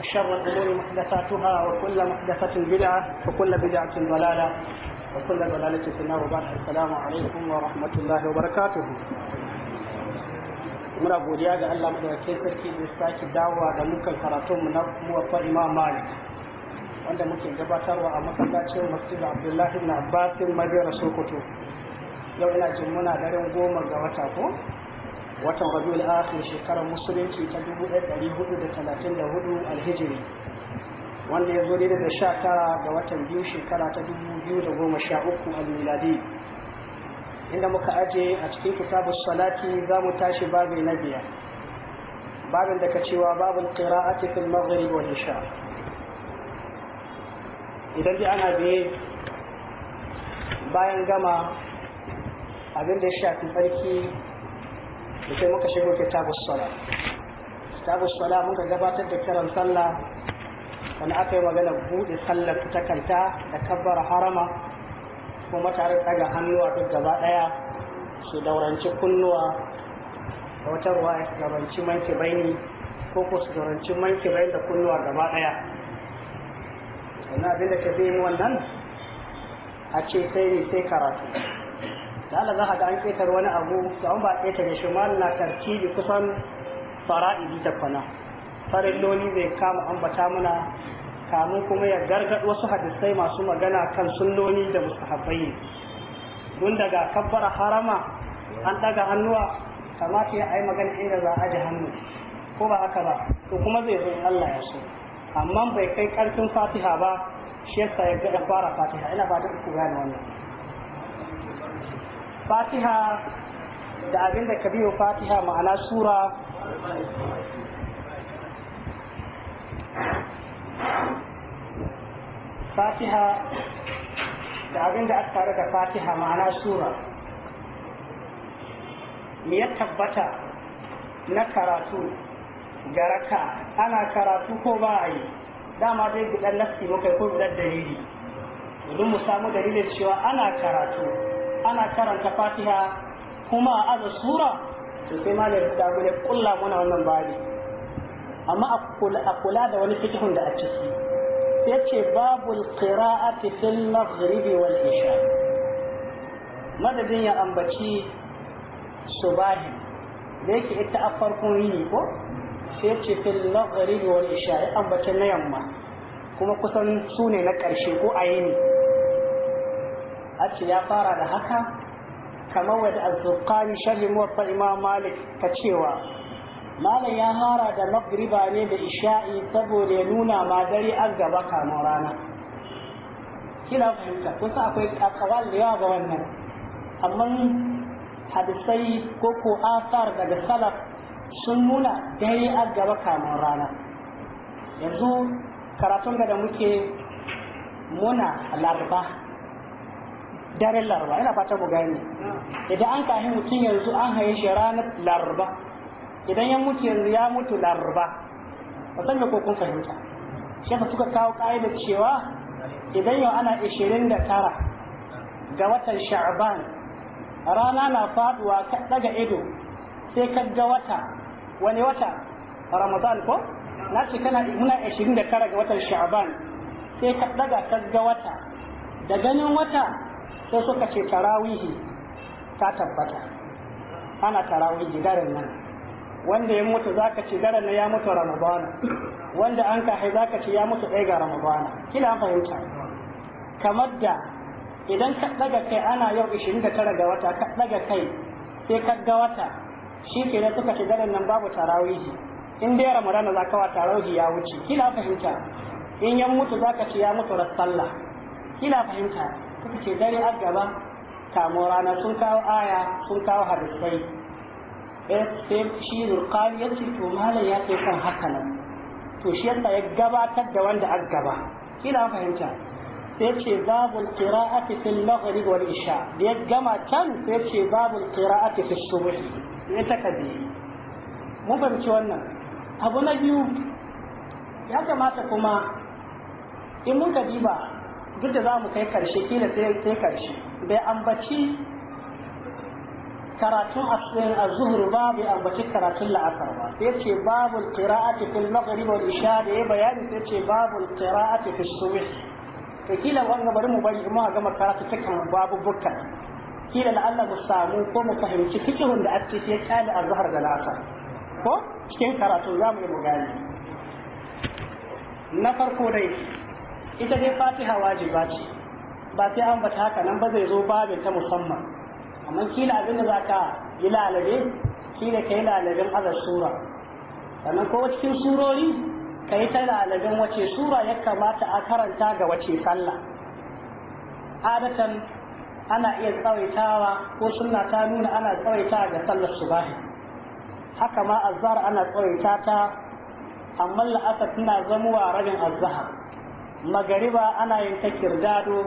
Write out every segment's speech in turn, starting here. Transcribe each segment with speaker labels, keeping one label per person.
Speaker 1: وشر الأمور محدثاتها وكل محدثة بدعة وكل بدعة ضلالة وكل ضلالة في النار وبعد السلام عليكم ورحمة الله وبركاته muna godiya da Allah madaukakin sarki da sake dawowa da mukan karatun mu na muwaffaq Imam Malik wanda muke gabatarwa a masallacin Masjid Abdullah ibn Abbas Madina Sokoto yau ina jin muna daren goma ga wata ko watan rabiul akhir shekarar musulunci ta 1434 alhijiri wanda ya zo daidai da sha tara ga watan biyu shekara ta 2013 almiladi inda muka aje a cikin kitabu salati za mu tashi babi na biyar babin da ka cewa babin qira'ati fil maghrib wal isha idan dai ana biye bayan gama abin da ya shafi tsarki da sai muka shigo kitabus sala kitabus sala muka gabatar da kiran sallah wani aka yi magana buɗe sallar ta kanta da kabbar harama kuma tare daga hannuwa duk gaba ɗaya su dauranci kunnuwa da wata ruwa ya gabanci manke baini ko ko su dauranci manke baini da kunnuwa gaba ɗaya sannan abin da ka zai yi wannan a ce sai ne sai karatu da Allah za ka ga an ƙetare wani abu to an ba ƙetare shi ma na tartibi kusan fara'idi ta kwana farilloli zai kama ambata muna kamun kuma ya gargad wasu hadisai masu magana kan sunnoni da mustahabbai mun daga kabbara harama an daga hannuwa kamata ya ayi magana inda za a ji hannu ko ba haka ba to kuma zai zo Allah ya so amma bai kai karfin fatiha ba shi yasa ya fara fatiha ina ba da ku gane wannan fatiha da abin da ka biyo fatiha ma'ana sura fatiha da abin da aka tare da fatiha ma'ana sura me ya tabbata na karatu ga raka ana karatu ko ba a yi dama dai gudan nafsi muka ko gudan dalili domin mu samu dalilin cewa ana karatu ana karanta fatiha kuma a aza sura to sai malam ta gure kulla muna wannan babi amma a kula da wani fikihun da a ciki yace babu qira'ati fil maghribi wal isha madadin ya ambaci subahi da yake ita a farkon yini ko sai yace fil maghribi wal isha ya ambaci na yamma kuma kusan su ne na ƙarshe ko a yini a ya fara da haka kamar wadda alfurkani sharhi muwatta imam malik ta cewa malam ya hara da magriba ne da isha'i saboda ya nuna ma dare an gaba kamar rana kina fahimta kusa akwai akawal da yawa ga wannan amma hadisai ko ko asar daga salaf sun nuna dare an gaba kamar rana yanzu karatun da muke muna larba daren laraba ina fata mu gane idan an kahi mutum yanzu an haye shi ranar laraba idan ya mutu yanzu ya mutu laraba ba san ko kun fahimta shi yasa suka kawo ka'ida cewa idan yau ana 29 ga watan sha'ban rana na faduwa ka daga ido sai ka ga wata wani wata ramadan ko na ce kana muna 29 ga watan sha'ban sai ka daga ka ga wata da ganin wata sai suka ce tarawihi ta tabbata ana tarawihi daren nan wanda ya mutu ka ce daren nan ya mutu ramadana wanda an ka za ka ce ya mutu ɗaya ga ramadana kila an fahimta kamar da idan ka ɗaga kai ana yau 29 ga wata ka ɗaga kai sai ka ga wata shi ke da suka ce daren nan babu tarawihi in dai ramadana za ka wa tarawihi ya wuce kila fahimta in ya mutu za ka ce ya mutu sallah kila fahimta suka ce dare a gaba kamo rana sun kawo aya sun kawo hadisai eh, sai shi rukar ya ce to malam ya ce kan haka nan to shi yasa ya gabatar da wanda a gaba kila fahimta sai ce babul qira'ati fil maghrib wal isha da ya gama can sai ce babul qira'ati fil subh ya ta bi mun fahimci wannan abu na biyu ya kamata kuma in muka diba duk da za mu kai karshe kila sai karshe bai ambaci karatun asirin eh, az zuhur ba bai ambaci karatun la'asar ba sai ce babul qira'ati fil maghrib wal isha da ya bayani sai ce babul qira'ati fil subh to kila wanga bari mu bari mu ga karatu cikin babu bukka kila la'alla mu samu ko mu fahimci fikihun da ake ya kyale az-zuhr da la'asar ko cikin karatu za mu yi mu na farko dai ita dai fatiha wajiba ce ba sai an bata haka nan ba zai zo babin ta musamman amma kila da za ka yi lalabe kila ka yi lalabin azar sura sannan ko cikin surori ka yi ta lalabin wace sura ya kamata a karanta ga wace sallah adatan ana iya tsawaitawa ko sunna ta nuna ana tsawaita ga sallar subahi haka ma azhar ana tsawaita ta amma la'asar tana zamuwa rabin azhar magariba ana yin ta kirdado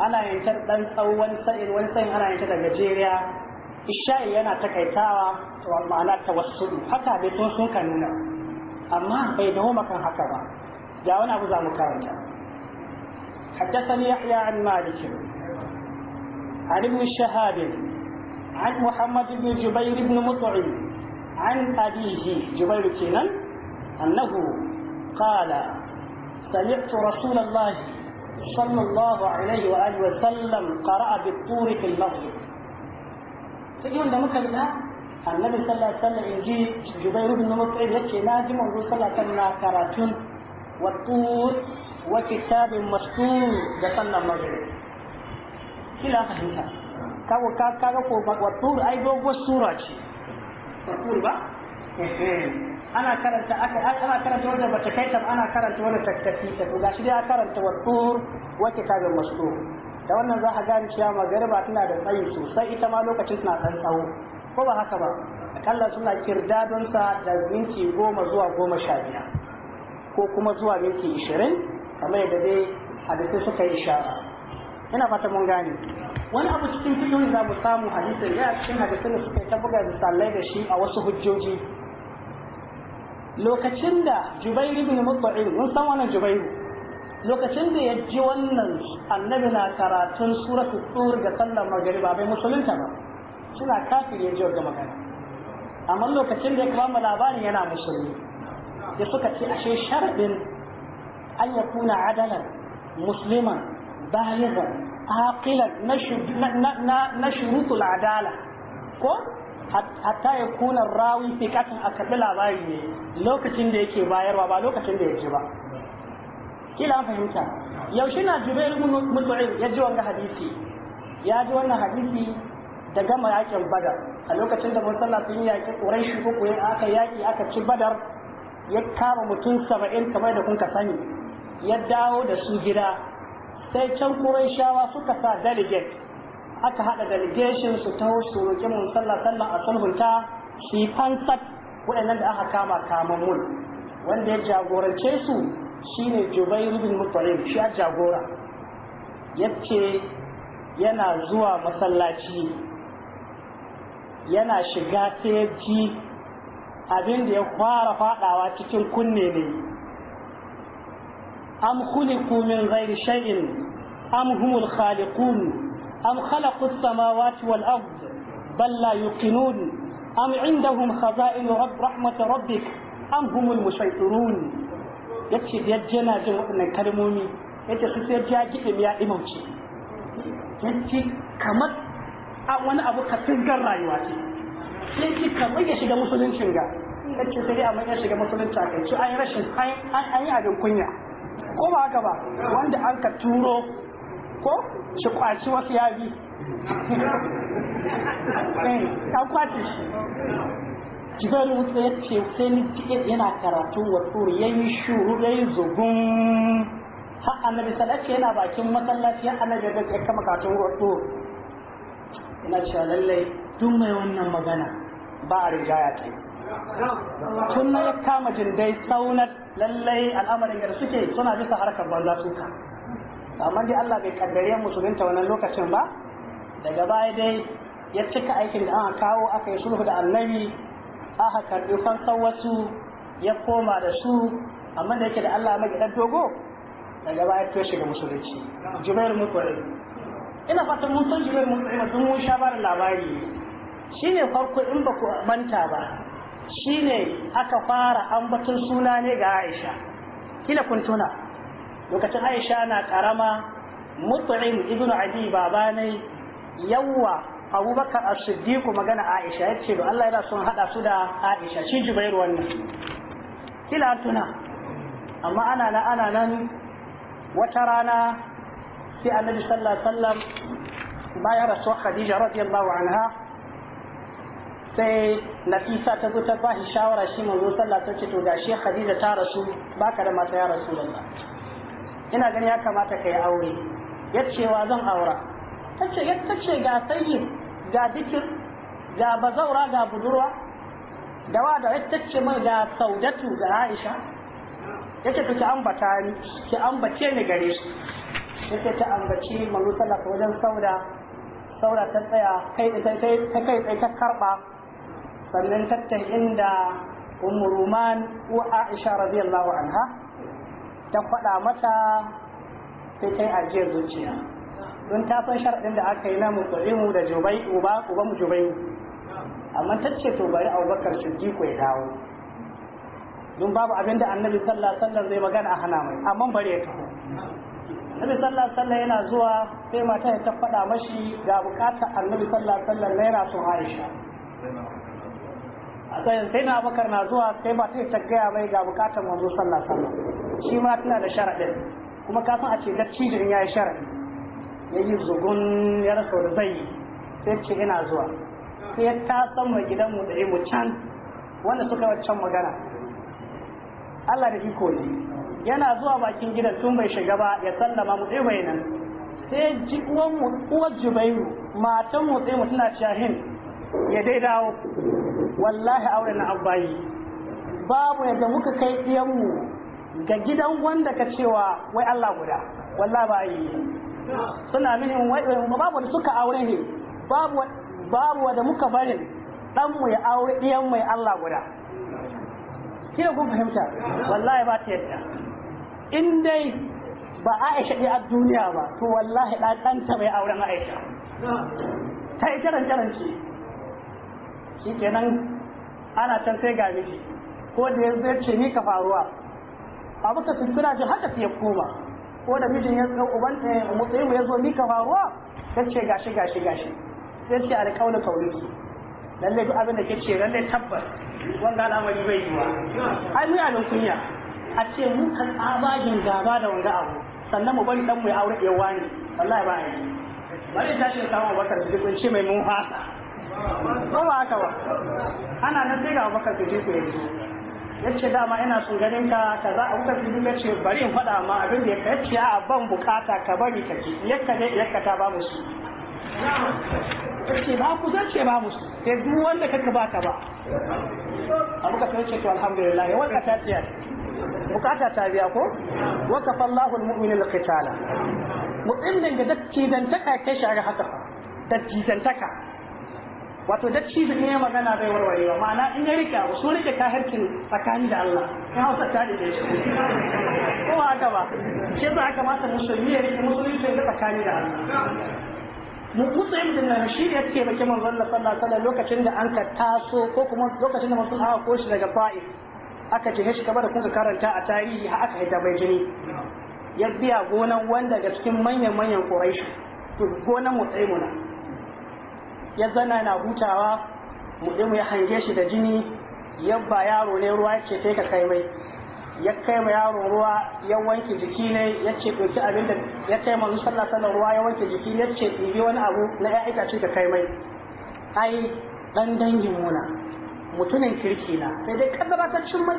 Speaker 1: ana yin ta dan tsawon sa'in wani sa'in ana yin ta da gajeriya isha'i yana takaitawa to ma'ana tawassul haka bai to sun kan nuna amma bai dawo makan haka ba ga wani abu za mu karanta حدثني يحيى عن مالك عن ابن الشهاب عن محمد بن جبير بن مطعم عن أبيه جبير كينان أنه قال سمعت رسول الله صلى الله عليه وآله وسلم قرأ بالطور في المسجد تجيون ده ممكن لا النبي صلى الله عليه وسلم يجي جبير بن مطعم يكي ناجم ويقول صلى الله عليه وسلم كراتون والطور وكتاب مسطور ده صلى المغرب كلا فهمتها kawo ka kaga ko wa tur ai dogo sura ce tur ba ana karanta aka ana karanta wanda bata kai ana karanta wanda takkafi ta ga shi dai karanta wa tur wa da wannan za ka gane cewa magariba tana da tsayi sosai ita ma lokacin tana dan tsawo ko ba haka ba akalla suna kirdadon sa da minti goma zuwa goma sha biyar ko kuma zuwa minti ishirin kamar yadda dai hadisi suka yi ishara ina fata mun gane wani abu cikin fitowin za mu samu hadisin ya cikin hadisin da suka yi ta buga misalai da shi a wasu hujjoji lokacin da jubair ibn mut'im mun san wannan jubairu lokacin da ya ji wannan annabi na karatun suratu tur ga sallar magariba bai musulunta ba suna kafir ya ji ga magana amma lokacin da ya kama labarin yana musulmi ya suka ce ashe sharbin an ya kuna adalan musliman balighan aqilan na shurutul adala ko hatta ya kuna rawi fi katin a karɓi labari ne lokacin da yake bayarwa ba lokacin da ya ji ba kila an fahimta yaushe na jibril mutu'in ya ji wannan hadisi ya ji wannan hadisi da gama yakin badar a lokacin da sallah sun yi yaƙi ƙurai shi aka yaƙi aka ci badar ya kama mutum saba'in kamar da kun ka sani ya dawo da su gida sai can ƙurai shawa suka sa delegate aka haɗa delegation su taho su roƙi mun sallah sallah a sulhunta shi fansat waɗannan da aka kama kaman mun wanda ya jagorance su shine Jubair Rubin Muttalib shi ya jagora ce yana zuwa masallaci yana shiga sai abinda abin da ya fara fadawa cikin kunne ne am khuliqu min ghairi shay'in am humul khaliqun أم خلقوا السماوات والأرض بل لا يوقنون أم عندهم خزائن رب رحمة ربك أم هم المسيطرون yace da yana jin waɗannan kalmomi yace su sai ya kiɗe ya imauce yace kamar wani abu ka tsingar rayuwa ce yace kamar ya shiga musuluncin ga yace sai dai amma ya shiga musulunci a kai an yi rashin an yi abin kunya ko ba haka ba wanda an ka turo ko shi kwaci wasu ya bi eh, an kwaci shi jibril wuce ya ce sai ni tiket yana karatu wa turi ya yi shuru ya yi zugun har annabi sallallahu yana bakin masallaci har annabi ya kama karatu wa ina cewa lallai duk mai wannan magana ba a rigaya ta yi tun na kama jindai tsaunar lallai al'amarin da suke suna bisa harkar banza suka amma dai Allah bai kaddare musulunta wannan lokacin ba daga baya dai ya cika aikin da aka kawo aka yi sulhu da annabi aka karbi fansan wasu ya koma da su amma da yake da Allah mai dan dogo daga baya to shiga musulunci mu kware ina fatan mun san jubair mutwari mutum mun sha bar labari shine farko in ba ku manta ba shine aka fara ambaton suna ne ga Aisha kila kun tuna lokacin aisha na karama mut'im ibn adi babanai yawa abubakar as-siddiq magana aisha yace da Allah yana son hada su da aisha shi jubairu wannan kila tuna amma ana ana nan wata rana sai annabi sallallahu alaihi wasallam bayan rasuwar khadija radiyallahu anha sai nafisa ta zo ta ba shi shawara shi manzo sallah ta ce to shi khadija ta rasu baka da mata ya rasulullah ina gani ya kamata ka yi aure ya cewa zan aura ta ce ta ce ga sayyid ga dikir ga bazaura ga budurwa da wa da ta ce mai ga saudatu ga aisha ya ce ta ambata ni ki ambace ni gare shi. ya ce ta ambaci malu sallah wajen sauda sauda ta tsaya kai ta kai tsaye ta karba sannan ta inda umruman wa aisha radiyallahu anha ta faɗa mata sai ta yi ajiyar zuciya don ta san sharaɗin da aka yi na mutsalimu da jubai uba uba mu jubai amma ta ce to bari abubakar siddiqu ya dawo don babu abin da annabi sallallahu alaihi wasallam zai magana a hana mai amma bari ya taho annabi sallallahu alaihi wasallam yana zuwa sai mata ta faɗa mashi ga bukatar annabi sallallahu alaihi wasallam na yana son Aisha a sai na abubakar na zuwa sai mata ta gaya mai ga bukatar manzo sallallahu alaihi wasallam shi ma tana da sharaɗin kuma kafin a ce dattijo in yi sharaɗi ya yi zugun ya rasa da zai yi sai ce ina zuwa sai ta san mai gidanmu da mu can wanda suka waccan magana Allah da iko ne yana zuwa bakin gidan tun bai shiga ba ya sallama mu ɗaya nan sai ji uwan mu uwar jibayu matan mu mu tana shahin ya dai dawo wallahi auren na abbayi babu yadda muka kai ɗiyanmu ga gidan wanda ka cewa wai Allah guda wallahi ba yi suna mini wai babu da suka aure ne babu babu da muka bari dan mu ya aure ɗiyan mai Allah guda kina kun fahimta wallahi ba ta yadda in dai ba Aisha ne a duniya ba to wallahi dan ɗanta bai auren Aisha ta yi jaran jaran ce kenan ana can sai ga miji ko da yanzu ya ce ni ka faruwa abu ka sun suna ji haka sai ya koma ko da mijin ya tsau uban eh, mutsayin ya zo mika faruwa ta ce gashi gashi gashi sai ce alƙawla su lallai duk abin da ke ce lallai tabbas wanda al'amari bai yiwa ai mu yanin kunya a ce mu ka tsabagin gaba da wanda abu sannan mu bari dan mu ya aure ya wani wallahi ba yi bari ta shi kawo bakar su duk ce mai mun hasa. ba ba haka ba ana nan sai ga bakar su ji ku yanzu yace dama ina so ganin ka za a kuka fili yace bari in faɗa ma abin da ya yace a ban bukata ka bari ka ji yakka dai yakka ta ba musu yace ba ku zace ba musu sai duk wanda kaka ba ka ba abu ka sai ce to alhamdulillah ya wanda ta tiya bukata ta biya ko wa kafallahu almu'minina alqitala mu'minin da dakki dan taka kai shi haka fa dakki dan taka wato da shi da ya magana bai warware ba ma'ana in ya rike abu sun rike kahirkin tsakani da Allah ya hausa ta da shi ko haka ba shi yasa aka mata musulmi ya rike sai da tsakani da Allah mu musulmi da nan shi yake bakin manzon Allah sallallahu alaihi wasallam lokacin da an ka taso ko kuma lokacin da mutum aka koshi daga fa'is aka ce shi gaba da kuka karanta a tarihi har aka haita bai jini ya biya gonan wanda ga cikin manyan manyan Quraysh to gonan mu tsaye mu na ya zana na hutawa mu mu ya hange shi da jini yabba yaro ne ruwa ce sai ka kai mai ya kai ma yaro ruwa ya wanke jiki ne ya ce ɗauki abin da ya kai ma musalla sallah ruwa ya wanke jiki ya ce ɗibi wani abu na ya itace ka kai mai ai dan dangin muna mutumin kirki na sai dai kaddara ta cin mai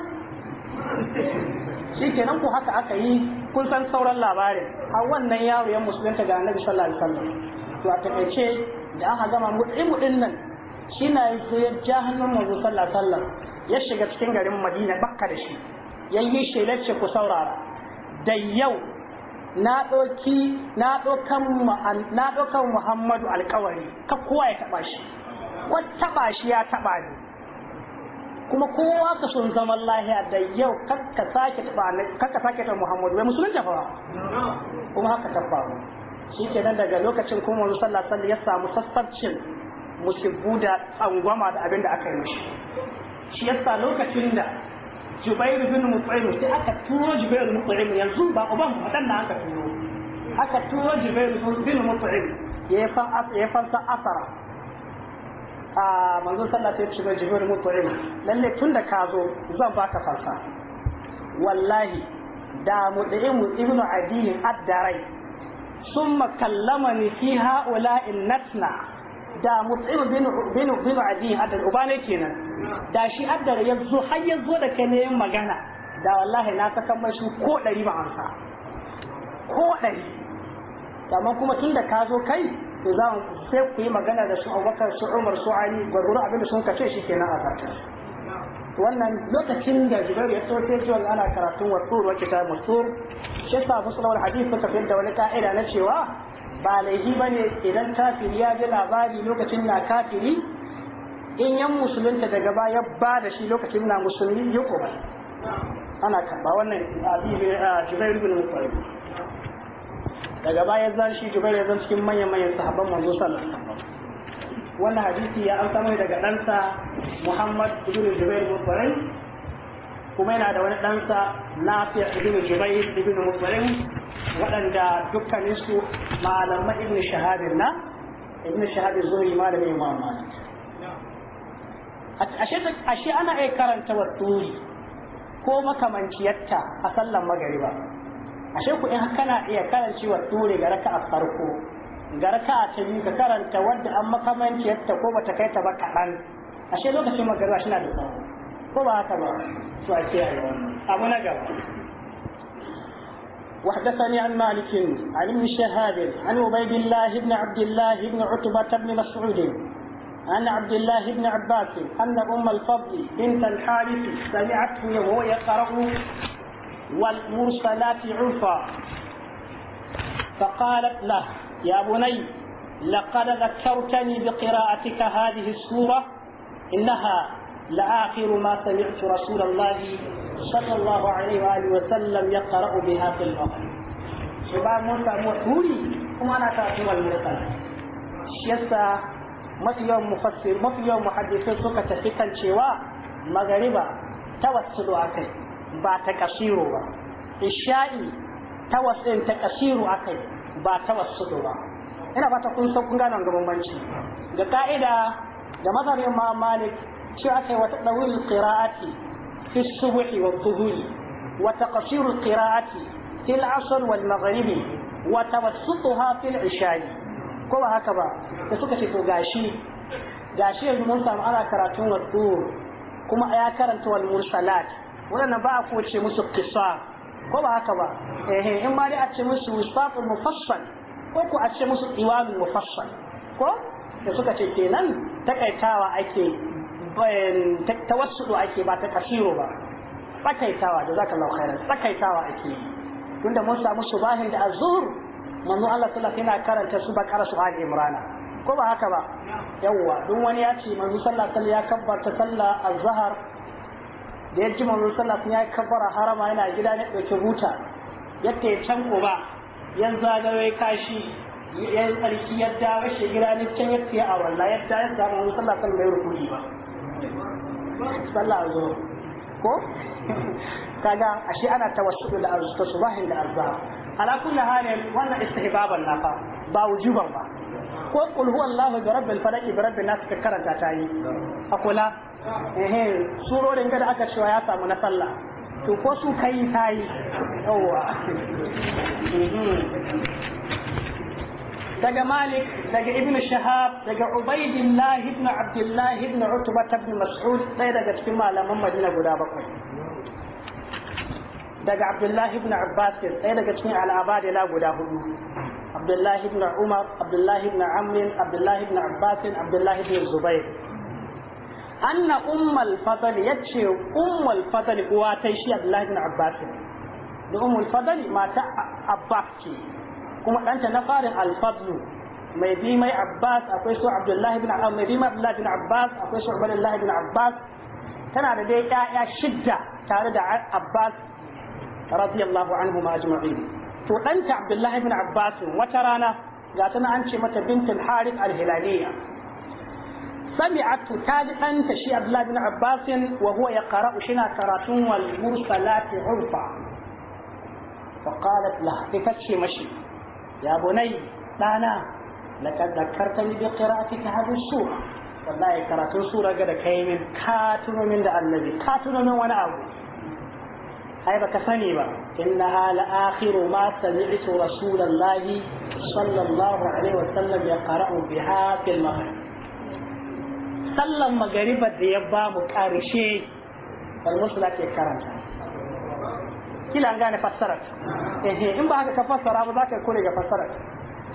Speaker 1: shikenan ko haka aka yi kun san sauran labarin a wannan yaro ya musulunta ga annabi sallallahu alaihi wasallam to a takaice da aka gama mutsimu din nan shi na yin so ya ja manzo sallah sallah ya shiga cikin garin madina bakka da shi ya yi shelarce ku saurara da yau na ɗauki na ɗaukan muhammadu alkawari ka kowa ya taɓa shi wata taɓa shi ya taɓa ni kuma kowa ka sun zaman lahiya da yau kakka sake taɓa muhammadu bai musulun jafawa kuma haka ta faru shi nan daga lokacin kuma manzo sallallahu alaihi ya samu sassabcin musibbu da tsangwama da abin da aka yi mishi shi ya sa lokacin da Jubairu bin Mutsaim sai aka turo Jubairu bin Mutsaim yanzu ba uban waɗanda aka turo aka turo Jubairu bin Mutsaim ya yi fansa asara a manzo sallah sai shiga Jubairu bin Mutsaim lalle tun da ka zo zan baka fansa wallahi da Mutsaim ibnu Adiyin addarai sun makallama ni fi haula in natna da mutsir bin bin adi hadal ubane kenan da shi addar ya har ya da kai ne yin magana da wallahi na saka mashi ko ɗari ba amsa ko ɗari amma kuma tunda ka zo kai to za mu sai ku magana da su Umar su Ali gurguru abin da sun kace shi kenan a zakar wannan lokacin da jibril ya so sai zuwa ana karatun wasur wa kitabun sur shi yasa musulmul hadith suka fi da wani ka'ida na cewa ba laifi ne idan kafiri ya ji labari lokacin na kafiri in yan musulunta daga baya ba da shi lokacin na musulmi ya kuma ana kamba wannan jibril bin mutalib daga baya zan shi jibril ya zan cikin manyan manyan sahabban manzo sallallahu alaihi wasallam wannan hadisi ya an samai daga ɗansa Muhammad ibn Jubair Mutsarin kuma yana da wani ɗansa Nafi' ibn Jubair ibn Mutsarin waɗanda dukkanin su malamai ibn Shahabin na ibn Shahabin zuhri malamin Imam Malik ashe ana iya karanta watturi ko makamanciyarta a sallan magariba ashe ku in kana iya karancewa turi ga raka'a farko garka ta yi ka karanta wanda an makamanci yatta ko bata kai ta ba kadan ashe lokacin magana shi na da ba ko ba haka ba to a ce abu na gaba وحدثني عن مالك عن ابن شهاب عن عبيد الله بن عبد الله بن عتبة بن مسعود عن عبد الله بن عباس أن أم الفضل بنت الحارث سمعته وهو يقرأ والمرسلات عرفا فقالت له يا بني لقد ذكرتني بقراءتك هذه السورة إنها لآخر ما سمعت رسول الله صلى الله عليه وآله وسلم يقرأ بها في الأرض سبا موسى موحولي كما نتاكم المرسل شيسا ما في يوم مفسر ما في يوم محدثين سوكا تحيكا شواء مغربا توسل أكي بعد تكسيروا إشائي توسل تكسيروا أكي ba wasu ba ina ta kun san kun gane ga ga ka'ida da mazhabin ma Malik shi aka yi wata dawil qira'ati fi subhi wa dhuhuri wa taqsir qira'ati fi al-asr wal maghrib wa tawassutuha fi al-isha'i ko ba haka ba da suka ce to gashi gashi yanzu mun samu ana karatun wa kuma ya karanta wal mursalat wannan ba a koce musu qisar ko ba haka ba eh in ma dai a ce musu wisaqul mufassal ko ko a ce musu iwanul mufassal ko da suka ce kenan takaitawa ake tawassudu ake ba ta kasiro ba tsakaitawa da zaka lau khairan tsakaitawa ake tunda mun samu subahin da azhur manzo Allah sallallahu alaihi karanta su bakara su ali imrana ko ba haka ba yawwa duk wani ya ce manzo sallallahu alaihi ya kabbarta sallah azhar da ya ji manzon sallallahu ya kabbara harama yana gida ne dauke buta yadda ya can ba yan zagaye kashi ya yi tsarki ya dawo shi gida ne can yadda ya awalla ya dawo ya samu manzon sallallahu alaihi wasallam rukuni ba sallah zo ko kaga ashe ana tawassul da tasbahin da arza ala kulli halin wannan istihbaban fa ba wujuban ba ko kul huwallahu bi rabbil falaq bi rabbin nas ka karanta tayi akula surorin da aka cewa ya samu na sallah to ko su kai ta yi yawa daga malik daga ibn shahab daga ubaidillah ibn abdullah ibn utba ibn mas'ud ɗaya daga cikin malaman madina guda bakwai daga abdullah ibn abbas ɗaya daga cikin al'abadila guda hudu abdullah ibn umar abdullah ibn amr abdullah ibn abbas abdullah ibn zubair أن أم الفضل يتشي أم الفضل واتيشي الله بن عباس أم الفضل ما تأباك كما أنت نفار الفضل ميديم عباس أقويسو عبد الله بن عباس ميديم عبد الله بن عباس أقويسو عبد الله بن عباس كان على ذلك يا شدة كان عباس رضي الله عنهما أجمعين فأنت عبد الله بن عباس وترانا قاتنا أنت مت بنت الحارث الهلالية سمعت تالحا تشيع عبد بن عباس وهو يقرا شنا كراتون والمرسلات عرفا فقالت له تفشي مشي يا بني انا لقد ذكرتني بقراءتك هذه السوره والله كراتون سوره قد كيمن كاتم من النبي كاتم من وانا هاي بك با انها لاخر ما سمعت رسول الله صلى الله عليه وسلم يقرا بها في المغرب sallan magariba da ya ba mu karshe almusula ke karanta kila an gane fassarar in ba haka ka fassara ba za ka kore ga fassarar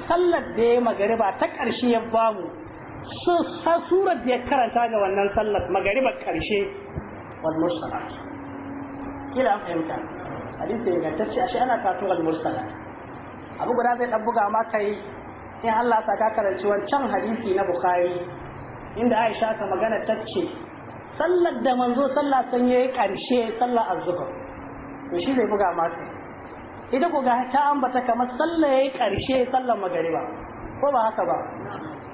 Speaker 1: sallar da ya magariba ta ƙarshe ya ba mu surar da ya karanta ga wannan sallar magariba karshe walmursala kila an fahimta hadisi ingantacce ashe ana karatun almursala abu guda zai ɗan buga ma kai in Allah sa ka karanci wancan hadisi na Bukhari inda Aisha ta magana ta ce sallar da manzo sallah san yayi karshe sallar azzuba to shi zai buga masa ita ko ga ta ambata kamar sallar yayi karshe sallar magariba ko ba haka ba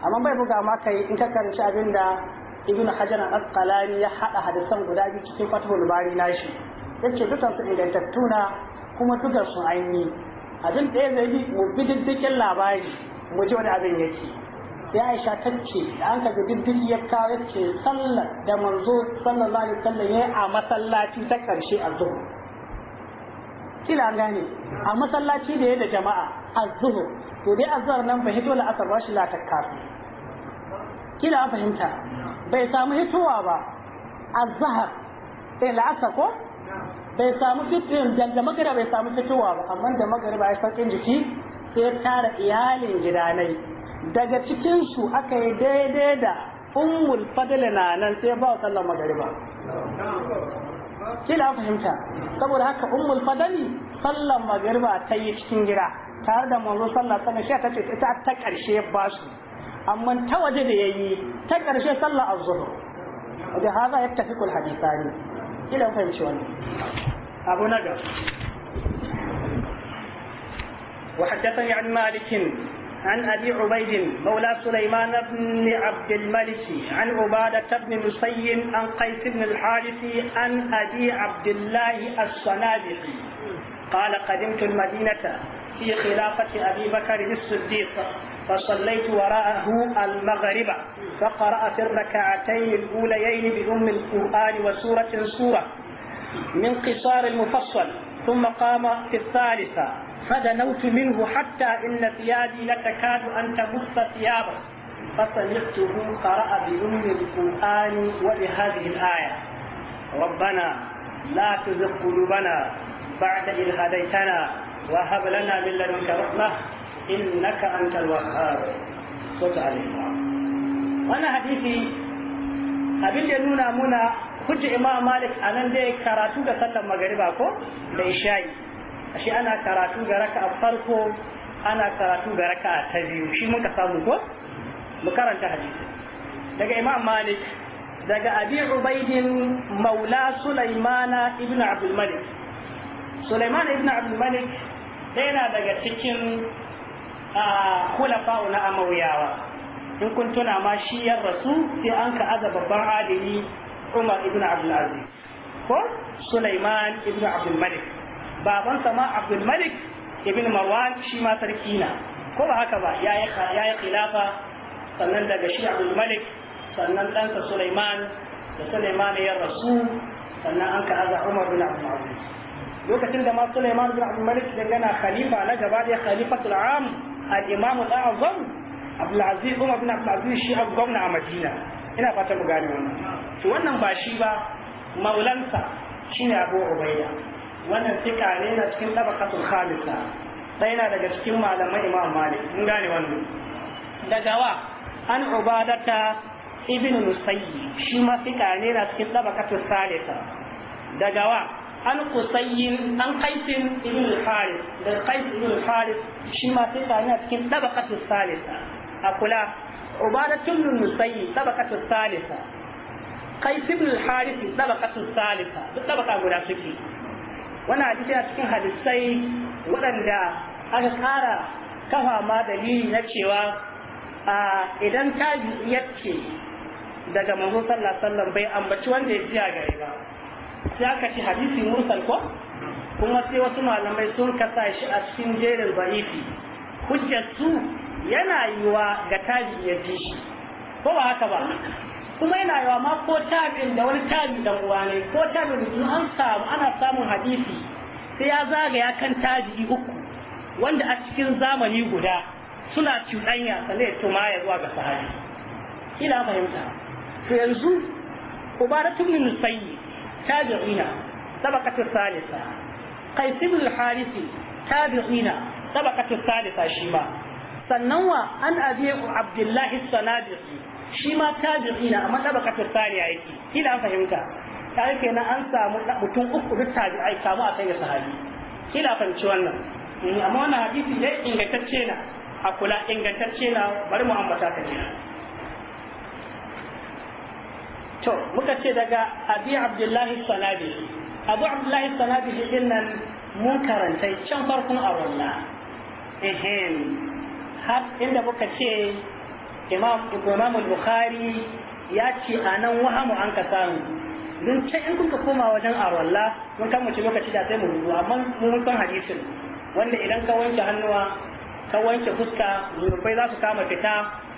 Speaker 1: amma bai buga maka in ka karshe abinda ibnu hajar al-asqalani ya hada hadisan guda biyu cikin fatul bari nashi yace dukan su ingantattu na kuma dukan su ainihi abin da ya zai bi mu bi diddikin labari mu ji wani abin yake sai aisha ta ce da an kaga diddin ya kawo ya ce sallar da manzo sallallahu alaihi wasallam ya a masallaci ta karshe a zuhu kila an gane a masallaci da ya da jama'a a zuhu to dai azhar nan ba hito la asar shi la takkafi kila an fahimta bai samu hitowa ba azhar sai la asar ko bai samu fitin da magara bai samu fitowa ba amma da magara ba ya sarkin jiki sai tara iyalin gidanai daga cikinsu aka yi daidai da ummul fadila nan sai ba wa sallar magariba kila fahimta saboda haka ummul fadali sallar magariba ta yi cikin gida tare da manzo sallar sana shi ta ce ita ta karshe ba su amma ta waje da yayi ta karshe sallar azhur da ya hada yattafiqul hadithani kila fahimci wannan abu na gaba وحدثني عن مالك عن أبي عبيد مولى سليمان بن عبد الملك عن عبادة بن مسيم عن قيس بن الحارث عن أبي عبد الله الصنابحي قال قدمت المدينة في خلافة أبي بكر الصديق فصليت وراءه المغرب فقرأ في الركعتين الأوليين بأم القرآن وسورة سورة من قصار المفصل ثم قام في الثالثة فدنوت منه حتى إن ثيابي لتكاد أن تبث ثيابه فسمعته قرأ بأم القرآن وبهذه الآية ربنا لا تزغ قلوبنا بعد إذ هديتنا وهب لنا من لدنك رحمة إنك أنت الوهاب صوت عليه wannan hadisi abin da nuna muna امام imam malik a nan dai karatu ga sallar magariba ko da isha'i ashe ana karatu ga a farko ana karatu ga raka'a ta biyu shi muka samu ko mu karanta hadisi daga imam malik daga abi ubaidin maula sulaimana ibn abdul malik sulaimana ibn abdul malik yana daga cikin khulafa'u na amawiyawa in kun tuna ma shi ya rasu sai an ka aza babban adili umar ibn abdul aziz ko sulaiman ibn abdul malik babansa ma abdul malik ibn marwan shi ma sarki na ko ba haka ba ya yi khilafa sannan daga shi abdul malik sannan ɗansa Sulaiman da Sulaiman ya rasu sannan an ka aza umar bin abdul aziz lokacin da ma Sulaiman bin abdul malik da gana khalifa na gaba da khalifatul am al imam al azam abdul aziz umar bin abdul aziz shi abu gwamna a madina ina fatan mu gane wannan to wannan ba shi ba maulansa shine abu ubaida wannan sika ne yana cikin tabaqatul khamisa ɗaya na daga cikin malaman imam malik mun gane wannan daga wa an ubadata ibn musayyi shi ma sika ne na cikin tabaqatul salisa daga wa an qusayyin an qaisin ibn al-haris da qais ibn al-haris shi ma sika ne a cikin tabaqatul salisa a kula ubadatul musayyi tabaqatul salisa qais ibn al-haris tabaqatul salisa duk tabaqa guda suke wannan hadisi a cikin hadisai waɗanda aka ƙara kafa ma dalili na cewa idan tabi yake daga manzo sallallahu sallam bai ambaci wanda ya jiya gari ba sai aka ci hadisi mursal ko kuma sai wasu malamai sun kasa shi a cikin jerin barifi. hujjar su yana yiwa ga taji ya ji shi ko ba haka ba kuma yana yawa ma ko tabi'in da wani tabi da uwa ne ko tabi'in da an samu ana samun hadisi sai ya zagaya kan tabi'i uku wanda a cikin zamani guda suna cuɗanya sanai tuma ya zuwa ga sahabi ina fahimta to yanzu ubadatun min musayyi tabi'ina sabaqatu salisa qais ibn al-harisi tabi'ina sabaqatu salisa shi ma sannan wa an abi abdullahi sanadiqi shi ma tabi'i na amma tabaqatul thaniya yake kila an fahimta kai kenan an samu mutum uku duk tabi'ai samu a kai sahabi kila fahimci wannan mm, amma wannan hadisi dai ingantacce na a kula ingantacce na bari mu ambata ka kenan to muka ce daga abi abdullahi sanabi abu abdullahi sanabi din nan mun karantai can farkon a wannan ehem har inda muka ce imam imam al-bukhari ya ce anan wahamu an ka samu don can in kuka koma wajen arwalla mun kan wuce lokaci da sai mu rubu amma mun san hadisin wanda idan ka wanke hannuwa ka wanke fuska zunubai za su kama fita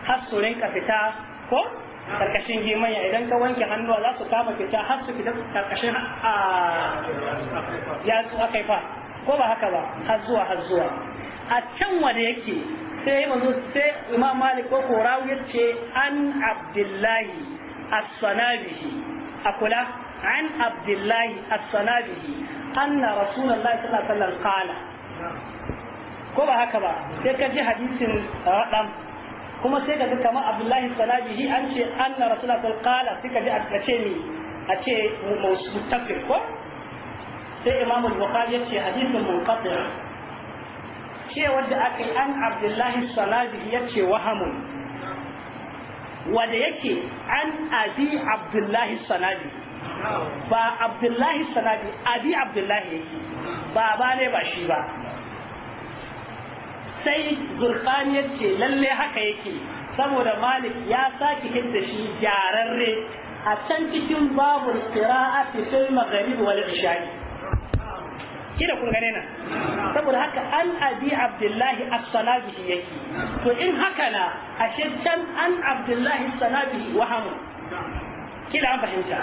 Speaker 1: har su rinka fita ko karkashin gimanya idan ka wanke hannuwa za su kama fita har su fita karkashin ya su aka fa ko ba haka ba har zuwa har zuwa a can wanda yake sai manzo sai imam malik ko korawi yace an abdullahi as-sanabihi akula an abdullahi as-sanabihi anna rasulullahi sallallahu alaihi wasallam qala ko ba haka ba sai ka ji hadisin radam kuma sai ka ga kamar abdullahi as-sanabihi an ce anna rasulullahi sallallahu alaihi wasallam qala sai ka ji a ce ni a ce mutafir ko sai imam al-bukhari yace hadisin munqati' ce wadda aka yi an abdullahi salabi ya ce wahamun wadda yake an abi abdullahi salabi ba abdullahi salabi abi abdullahi yake ba ba ne ba shi ba sai zurfani ya ce lalle haka yake saboda malik ya sake hidda shi gyararre a can cikin babu qira'ati fil maghrib wal isha'i kina kun gane na saboda haka an abi abdullahi as-salabihi yake to in haka na ashe can an abdullahi as-salabihi wahamu kila an fahimta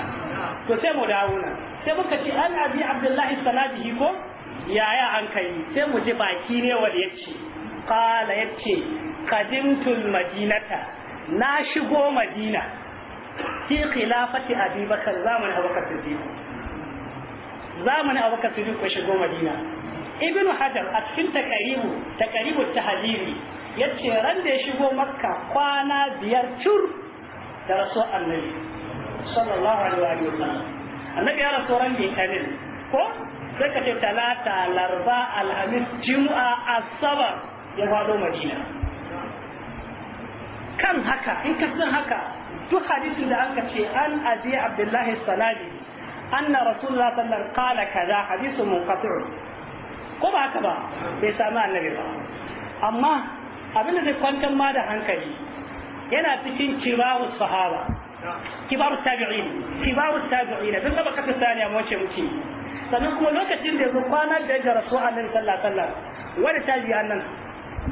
Speaker 1: to sai mu dawo na sai muka ce an abi abdullahi as-salabihi ko yaya an kai sai mu ji baki ne wanda yace qala yace qadimtul madinata na shigo madina fi khilafati abi bakar zamanin abubakar siddiq zamanin abubakar siddiq ko shigo madina ibnu hajar a cikin takaribu takaribu tahdiri yace ran da ya shigo makka kwana biyar tur da rasu annabi sallallahu alaihi wa sallam annabi ya rasu ran litinin ko sai ka ce talata larba alhamis jimu'a asabar ya faɗo madina kan haka in ka san haka duk hadisin da aka ce an abi abdullahi salami anna rasulullah sallallahu alaihi qala kaza hadithun munqati' ko ba haka ba bai sami annabi ba amma abin da zai kwantar ma da hankali yana cikin kibaru sahaba kibaru tabi'in kibaru tabi'in duk da baka tsani amma wace muke sannan kuma lokacin da ya zo kwana da ya rasu annabi sallallahu alaihi wasallam wani ta ji annan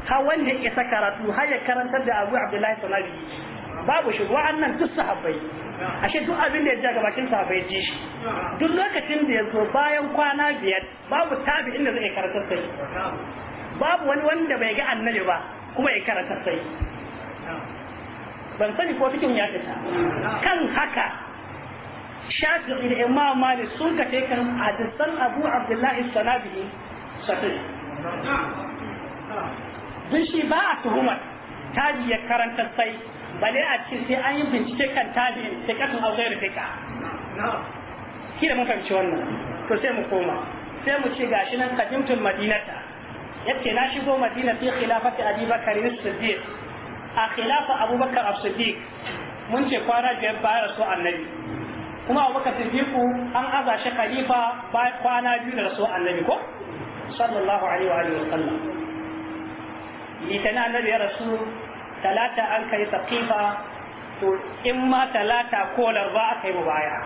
Speaker 1: ha wanda ya saka karatu har ya karantar da Abu Abdullahi Sanabi babu shi wa'annan duk sahabbai ashe duk abin da ya jaga bakin sahabbai ji shi duk lokacin da ya zo bayan kwana biyar babu tabi inda zai karanta sai babu wani wanda bai ga annabi ba kuma ya karanta sai ban sani ko cikin ya fita kan haka shafi'i da imam malik sun kace kan hadisan abu abdullahi sanabi sahih dun shi ba a tuhumar taji ya karanta sai bale a cikin sai an yi bincike kan tabi'in sai kasan au gairu fika kila mun fahimci wannan to sai mu koma sai mu ce gashi nan kadimtul madinata yace na shigo madina fi khilafati abi bakr as-siddiq a khilafa abubakar as-siddiq mun ce kwana biyar bayan rasu annabi kuma abubakar siddiqu an aza shi khalifa kwana biyu da rasu annabi ko sallallahu alaihi wa alihi wa sallam litana annabi ya rasu talata an kai saqifa to in ma talata ko larba aka yi mubaya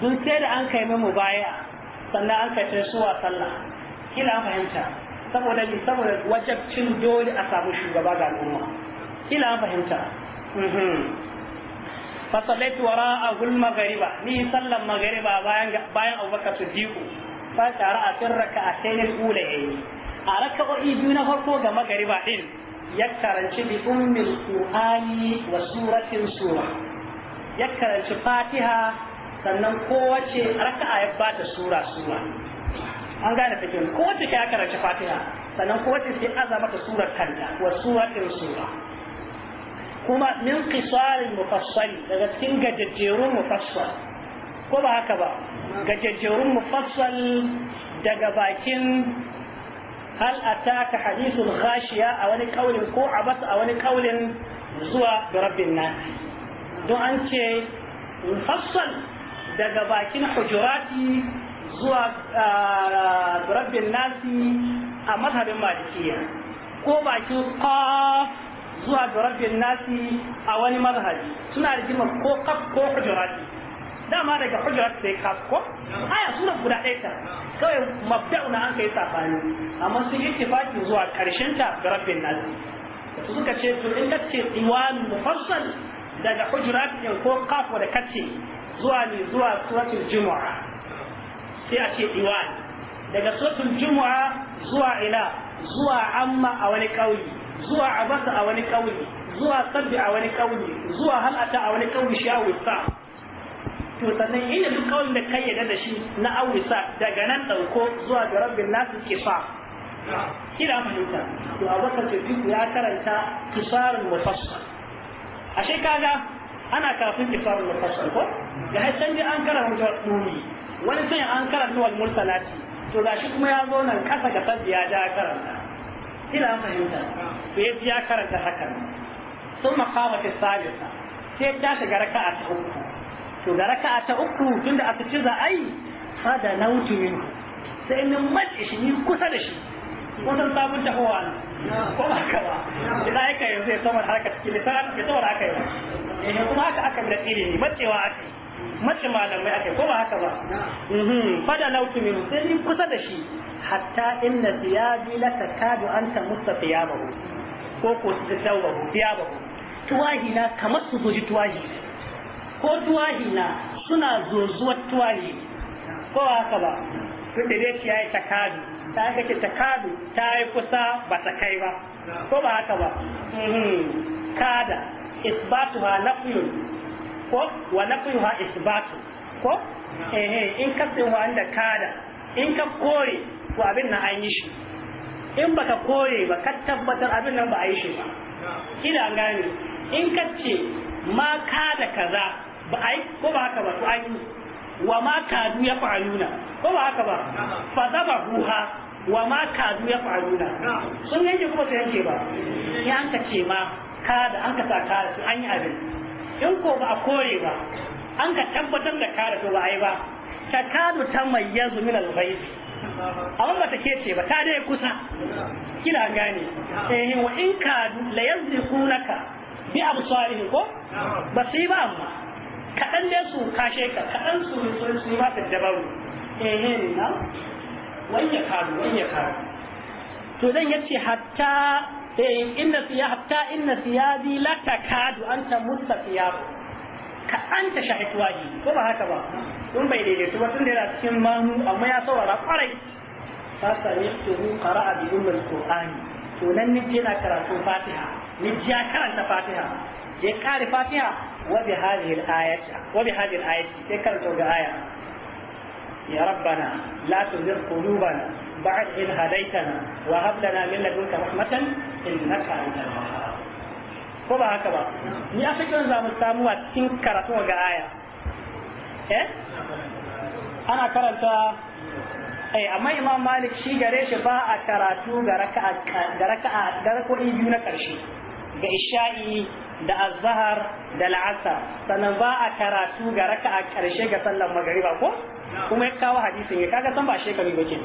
Speaker 1: dun sai da an kai mai mubaya sannan an kai sai suwa sallah kila an fahimta saboda ni saboda wajabcin dole a samu shugaba ga al'umma kila an fahimta mhm. fa sallaitu wara'a gul maghriba ni sallan Magariba bayan bayan Abubakar Siddiq fa tara a firraka a kula yayi a raka'o'i biyu na farko ga Magariba din ya karanci bi ummil qur'ani wa suratin sura ya karanci fatiha sannan kowace raka'a ya bata sura sura an gane fikin kowace ya karanci fatiha sannan kowace sai azama ta surar kanta wa suratin sura kuma min qisalin mufassali daga cikin gajejjerun mufassal ko ba haka ba gajejjerun mufassal daga bakin hal ataka hadithul khashiya a wani kaulin ko abas a wani kaulin zuwa ga rabbin don an ce daga bakin hujurati zuwa ga rabbin nasi a mazhabin malikiya ko bakin qaf zuwa ga rabbin nasi a wani mazhabi suna da ko qaf ko hujurati dama daga hujurat sai ko aya sura guda ɗaya ta kawai mabda'u na an kai safani amma sun yi tifaki zuwa karshen ta ga rabbin nas su suka ce to in kace diwan mufassal daga hujurat ɗin ko kafo da kace zuwa ne zuwa suratul jumu'a sai a ce diwan daga suratul jumu'a zuwa ila zuwa amma a wani kauli zuwa abasa a wani kauli zuwa sabbi a wani kauli zuwa hal'ata a wani shi a sa' to sannan ina duk kawai da kai yadda da shi na sa daga nan ɗauko zuwa ga rabbin nasu fa kira fahimta to abubakar siddiq ya karanta kisarun mufassal ashe kaga ana kafin kisarun mufassal ko ga hasan an karanta dumi wani sai an karanta wal mursalati to shi kuma ya zo nan kasa ga sabbi ya ja karanta kira fahimta to ya karanta hakan sun makama ta sai ta shiga raka'a ta uku to ga raka'a ta uku tunda aka ci za a yi fada nautu min sai min matse shi ni kusa da shi wannan sabon tahowa ne ko ba ka ba idan aka yanzu ya samar harkar cikin lisan ya samar aka yi eh kuma haka aka bi da tsire ne matsewa aka yi mace malamai aka ko ba haka ba mhm, fada nautu min sai ni kusa da shi hatta in na siya inna thiyabi ta takadu anta mustafiyabahu ko ko tiyabahu tiyabahu tuwahi na kamar su guji tuwahi ko tuwahi na suna zozuwar tuwahi ko haka ba tunda dai ya yi takadu ta haka ce takadu ta yi kusa ba ta kai ba ko ba haka ba mhm. kada ha nafyun ko wa ha isbatu ko eh in ka tsinwa da kada in ka kore to abin na an yi shi in baka kore ba ka tabbatar abin nan ba a yi shi ba ina gane in ka ce ma kada kaza ba a yi ko ba haka ba to an yi wa ma kadu ya fa'aluna ko ba haka ba fa ba huha wa ma kadu ya fa'aluna sun yanke kuma su yanke ba ya an ka ce ma kada an ka sa kada to an yi abin in ko ba a kore ba an ka tabbatar da kada to ba a yi ba ta kadu ta mayyazu min al-ghaibi amma ba ta ce ba ta dai kusa kina gane eh wa in kadu la yazliqunaka bi absarihim ko ba sai ba amma kaɗan ne su kashe ka kaɗan su su ma ta dabaru ehe na wanya karu wanya karu to dan yace hatta eh, inna siya hatta inna siyabi la takadu anta mustafiyabu ka anta shahitwaji ko ba haka ba dun bai daidaitu ba tun da yana cikin mamu amma ya saurara kwarai fa sami'tuhu qara'a bi ummul qur'ani to nan ni yana karatu fatiha ni ya karanta fatiha ya kare fatiha wabi bi hadhihi al-ayati wa hadhihi al-ayati aya ya rabbana la tuzigh qulubana ba'da idh hadaytana wa hab lana min ladunka rahmatan innaka antal wahhab ko ba haka ba ni a cikin za mu samu a cikin karatu ga aya eh ana karanta ai eh, amma imam malik shi gare shi ba a karatu ga raka'a ga raka'a ga rako'i biyu na karshe ga isha'i da azhar da la'asar sannan ba a karatu ga raka a karshe ga sallar magariba ko kuma ya kawo hadisin ya kaga san ba shekaru ba ke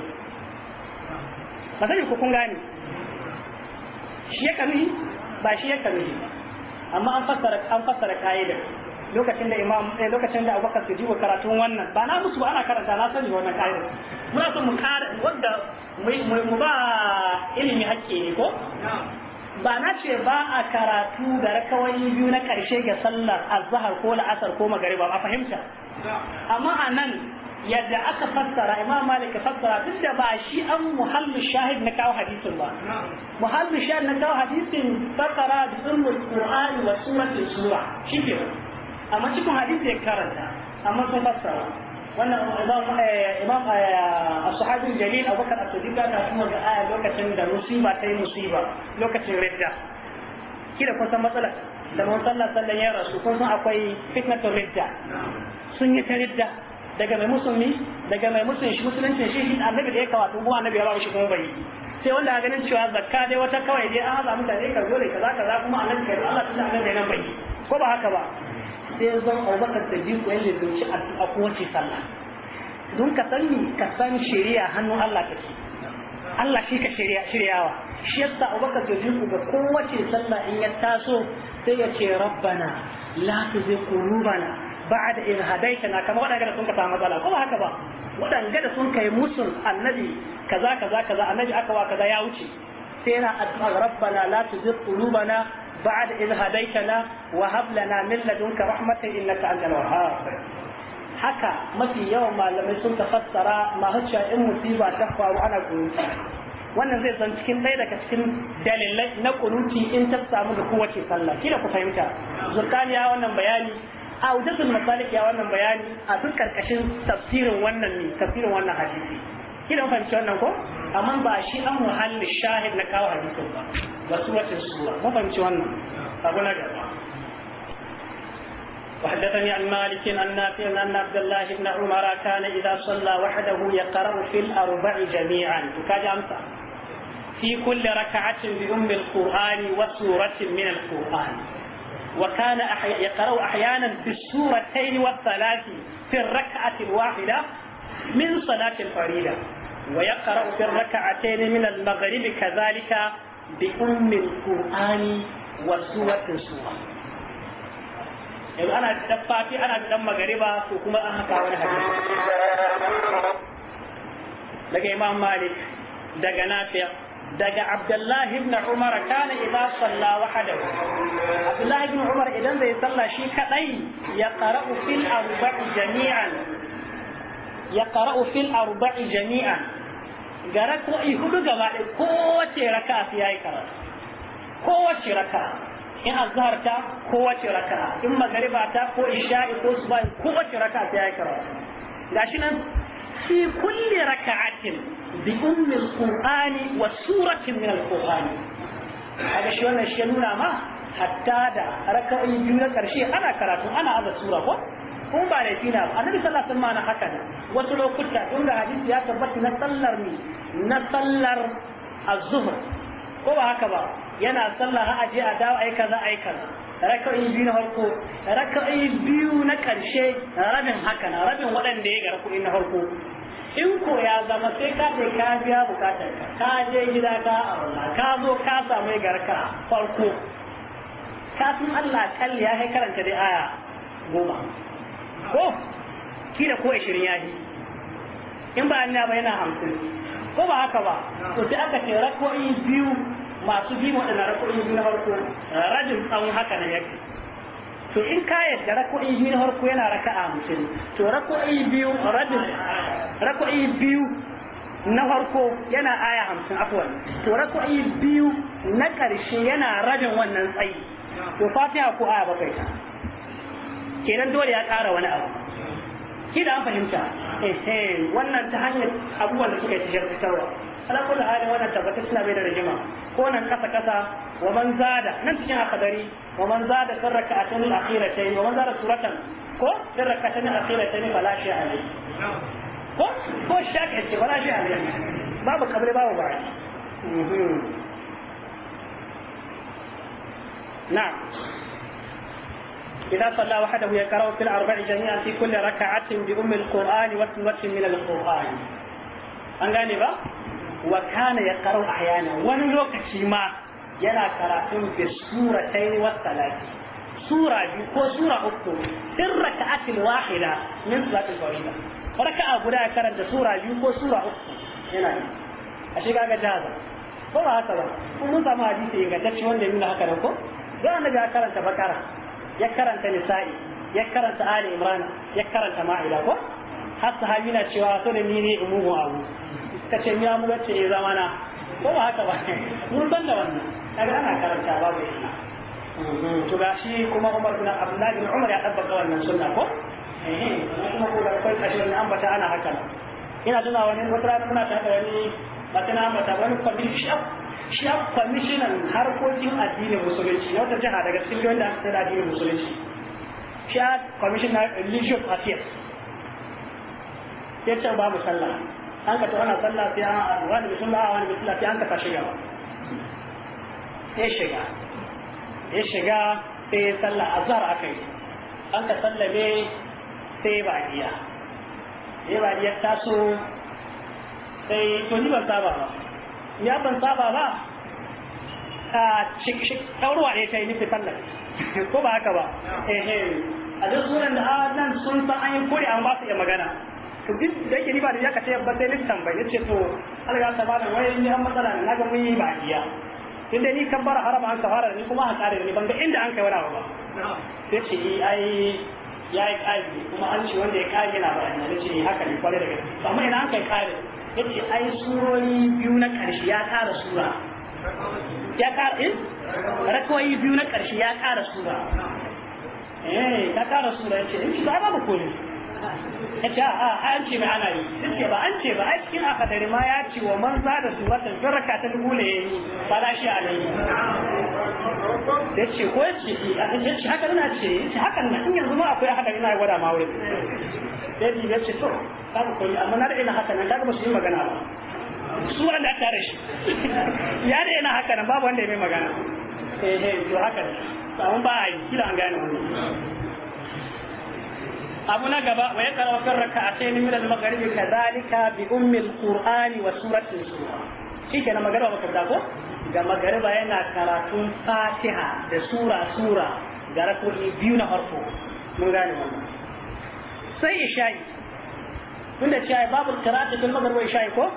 Speaker 1: ba ku ko kun gane shi ya ba shi ya amma an fassara an fassara kaidar lokacin da imam eh lokacin da abubakar su jiwa karatun wannan ba na musu ba ana karanta na sani wannan kaidar muna son mu kare wanda mu ba ilimi hakke ne ko ba na ce ba a karatu da rakawai biyu na karshe ga sallar azhar ko la'asar ko magariba a fahimta amma a nan yadda aka fassara imam malik fassara duk da ba shi an muhallu shahid na kawo hadisin ba muhallu shahid na kawo hadisin fassara da sunnul qur'ani wa suratul sura shi ke amma cikin hadisi ya karanta amma sun fassara wannan imam eh, imam eh, ashabin jalil abubakar as-siddiq da kuma ga aya lokacin da musiba ta yi musiba lokacin ridda kira kun san matsala da mun sallah sallan ya rasu kun san akwai fitnatul ridda sun yi ta ridda daga mai musulmi daga mai musulmi shi musulunci shi annabi da ya kawato kuma annabi ya ba shi kuma bai sai wanda a ganin cewa zakka dai wata kawai dai an haza mutane ka zo da kaza kaza kuma annabi kai Allah ta annabi nan bai ko ba haka ba sai zan abubakar da biyu kuwa ya zauci a kowace sallah don ka san ni ka san shari'a hannun Allah take Allah shi ka shiryawa shi yasa abubakar da biyu ga kowace sallah in ya taso sai ya ce rabbana la tuzigh qulubana ba'da in hadaitana kamar wadanda sun ka samu matsala ko ba haka ba wadanda da sun kai musul annabi kaza kaza kaza annabi aka wa kaza ya wuce sai na addu'a rabbana la tuzigh qulubana بعد إذ هديتنا وهب لنا من لدنك رحمة إنك أنت الوهاب حكى ما في يوم لما يصير تفسر ما هتش إن مصيبة تخفى وأنا قلت وأنا زي زنتكين بيدك تكين دليل نقول أنت إن تبصع من قوة صلى كلا كفهمك زرقان يا وانا بياني أو جزء المصالح يا وانا بياني أذكر كشين تفسير وانا تفسير وانا حديثي kina fahimci wannan ko amma ba shi an muhalli shahid na kawo hadisin ba ba su sura mun fahimci wannan abu na gaba وحدثني عن مالك عن نافع ان عبد الله بن عمر كان اذا صلى وحده يقرا في الاربع جميعا تكاد امسى في كل ركعه بام القران وسوره من القران وكان يقرا احيانا بالسورتين والثلاث في الركعه الواحده من صلاة الفريضة ويقرأ في الركعتين من المغرب كذلك بأم القرآن وسوة سورة أنا دفاتي أنا دم مغربة وكما أنا كاوان حديث لك إمام مالك دق نافع دق عبد الله بن عمر كان إذا صلى وحده عبد الله بن عمر إذا صلى شيء كطين يقرأ في الأربع جميعا يقرأ في الأربع جميعا قرأت يهود قبع قوة ركعة في أي قرأ قوة ركعة إن أظهرت قوة ركعة إما قربعت قوة إشاء قوة قوة ركعة في أي قرأ لأشنا في كل ركعة بأم القرآن وسورة من القرآن هذا شو أنا شنونا ما حتى دا ركعة يجونا كرشي أنا قرأت أنا هذا سورة هو هم بارتينا أنا بس الله سلمان حكنا wasu lokuta tun da hadisi ya tabbata na sallar ne na sallar az ko ba haka ba yana sallar a je a dawo ai kaza ai kaza raka'i biyu na farko raka'i biyu na karshe rabin haka na rabin waɗanda ya garku na farko in ko ya zama sai ka je ka biya bukatar ka ka je gida ka aula ka zo ka samu garka farko kafin Allah kalli ya kai karanta da aya goma ko kila ko ashirin ya yi in ba na ba yana hamsin ko ba haka ba to sai aka ce rakoyi biyu masu bi waɗanda rakoyi biyu na harko rajin tsawon haka ne yake to in ka yadda rakoyi biyu na harko yana raka a hamsin to rakoyi biyu rajin rakoyi biyu na harko yana aya hamsin afuwan to rakoyi biyu na ƙarshe yana rajin wannan tsayi to fatiha ko aya bakwai kenan dole ya ƙara wani abu ki da an fahimta wannan ta hanyar abubuwan da suka yi tijiyar fitarwa ala kullu hali wannan tabbatar suna bai da rajima ko nan kasa kasa wa man zada nan cikin akadari wa man zada sarraka atanil akhiratayn wa man zada suratan ko sarraka atanil akhiratayn fala shay'a alayhi ko ko shaka ce fala shay'a alayhi babu kabri babu ba mhm. na. إذا صلى وحده يكره في الأربع جميعا في كل ركعة بأم القرآن واسم وجه من القرآن أنجانبا وكان يقرأ أحيانا ونلوك ما ينا كراتون في سورة تين والثلاث سورة بيكو سورة أكتو في الركعة الواحدة من صلاة الفريضة وركعة بلا كرات سورة بيكو سورة أكتو ينا أشيك أغا جهازا فلا هكذا ومن ثم حديثي إنك تشون لمن هكذا ya karanta nisa'i ya karanta ali imran ya karanta ma'ida ko har sahabi na cewa to da ni ne umuhu abu kace mi amu ce eh zamana ko ba haka ba mun ban da wannan kaga ana karanta babu ina mm-hmm. to ga shi kuma Umar bin Abdullahi bin Umar ya tabbata wannan sunna ko eh, eh. kuma ko da kai kashin an bata ana haka ina tuna wani wata rana kuna ta da ni ba tana bata wani kwabin shaf shi a kwamishinan harkokin addinin musulunci na wata jiha daga cikin jihohin da aka sai addinin musulunci shi a kwamishinan religious affairs ya ce babu sallah an ka tsohon sallah sai an wani musulma a wani musulma sallah an ka shiga ba. ya shiga ya shiga sai sallah azhar aka yi an ka sallame sai ya ba badiya taso sai to ni ban saba ba ya ban saba ba a ɗaurwa ne ta yi nufi sallar ko ba haka ba a duk sunan da a nan sun san an yi kuri an ba su iya magana to duk da yake ni ba da ya kace ba sai listan bai ce to alga ta ba da wai ni an matsala na ga mun yi ba iya da ni kan bara harama an kafara ni kuma an kare ni ban ga inda an kai wani abu ba sai ce ai ya yi kaji kuma an ce wanda ya kaji na ba ni ce haka ne kwarai da gaske amma ina an kai kare yace ai surori biyu na karshe ya kara sura ya kara in eh? rakoyi biyu na karshe ya kara sura
Speaker 2: eh ta kara sura yace in eh, shi ba babu komai
Speaker 1: yace a an ce mai ana yi yace ba an ce ba a cikin akadari ma ya ce wa man za da su wata baraka ta dubu ne ba za shi alai yace ko yace yace haka ina ce yace haka ina in yanzu ma akwai akadari na gwada ma wurin sai riga ce to babu koyi amma na daɗe na haka nan kaga ba su yi magana ba su wanda aka tare shi ya daɗe na haka nan babu wanda ya mai magana eh eh to haka ne ba a yi kila an gane wannan abu na gaba wa ya karawa kan raka'atayn min al ka kadhalika bi ummi al-qur'ani wa surati sura shi kenan magana ba da ko ga magariba yana karatun fatiha da sura sura ga rakuni biyu na farko mun gane wannan سي الشاي tunda الشاي باب القراءة في المغرب wa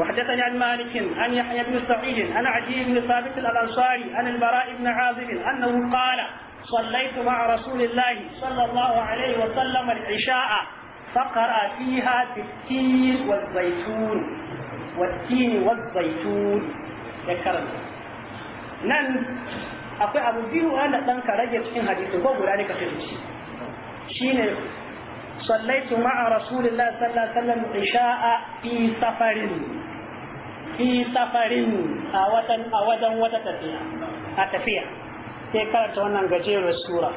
Speaker 1: وحدثني عن مالك عن يحيى بن سعيد عن عدي بن ثابت الانصاري عن البراء بن عازب انه قال صليت مع رسول الله صلى الله عليه وسلم العشاء فقرأ فيها بالتين والزيتون والتين والزيتون ذكرنا نن نعم. أقول أبو الدين وأنا ɗan رجل في cikin hadisi ko guda ne صليت مع رسول الله صلى الله عليه وسلم عشاء في سفر في سفر وتتفيا أتفيا sai karanta wannan gajerar sura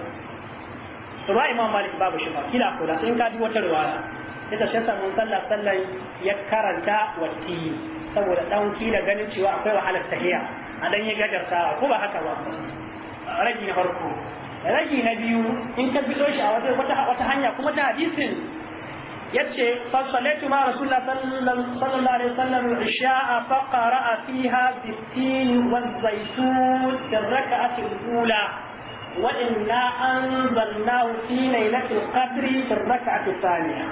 Speaker 1: ruwa imam malik babu shi ba kila kula sai in ka ji wata ruwaya ita shi yasa mun sallah sallan ya karanta wati saboda dan kila ganin cewa akwai wahalar tahiya a dan ya gajarta ko ba haka ba ragi na farko ragi na biyu in ka bido shi a wata wata hanya kuma ta hadisin yace fa sallaitu ma rasulullah sallallahu alaihi wasallam isha'a fa qara'a fiha bitin wa zaytun fi rak'ati al-ula wa inna anzalnahu fi lailatul qadri fi rak'ati thaniya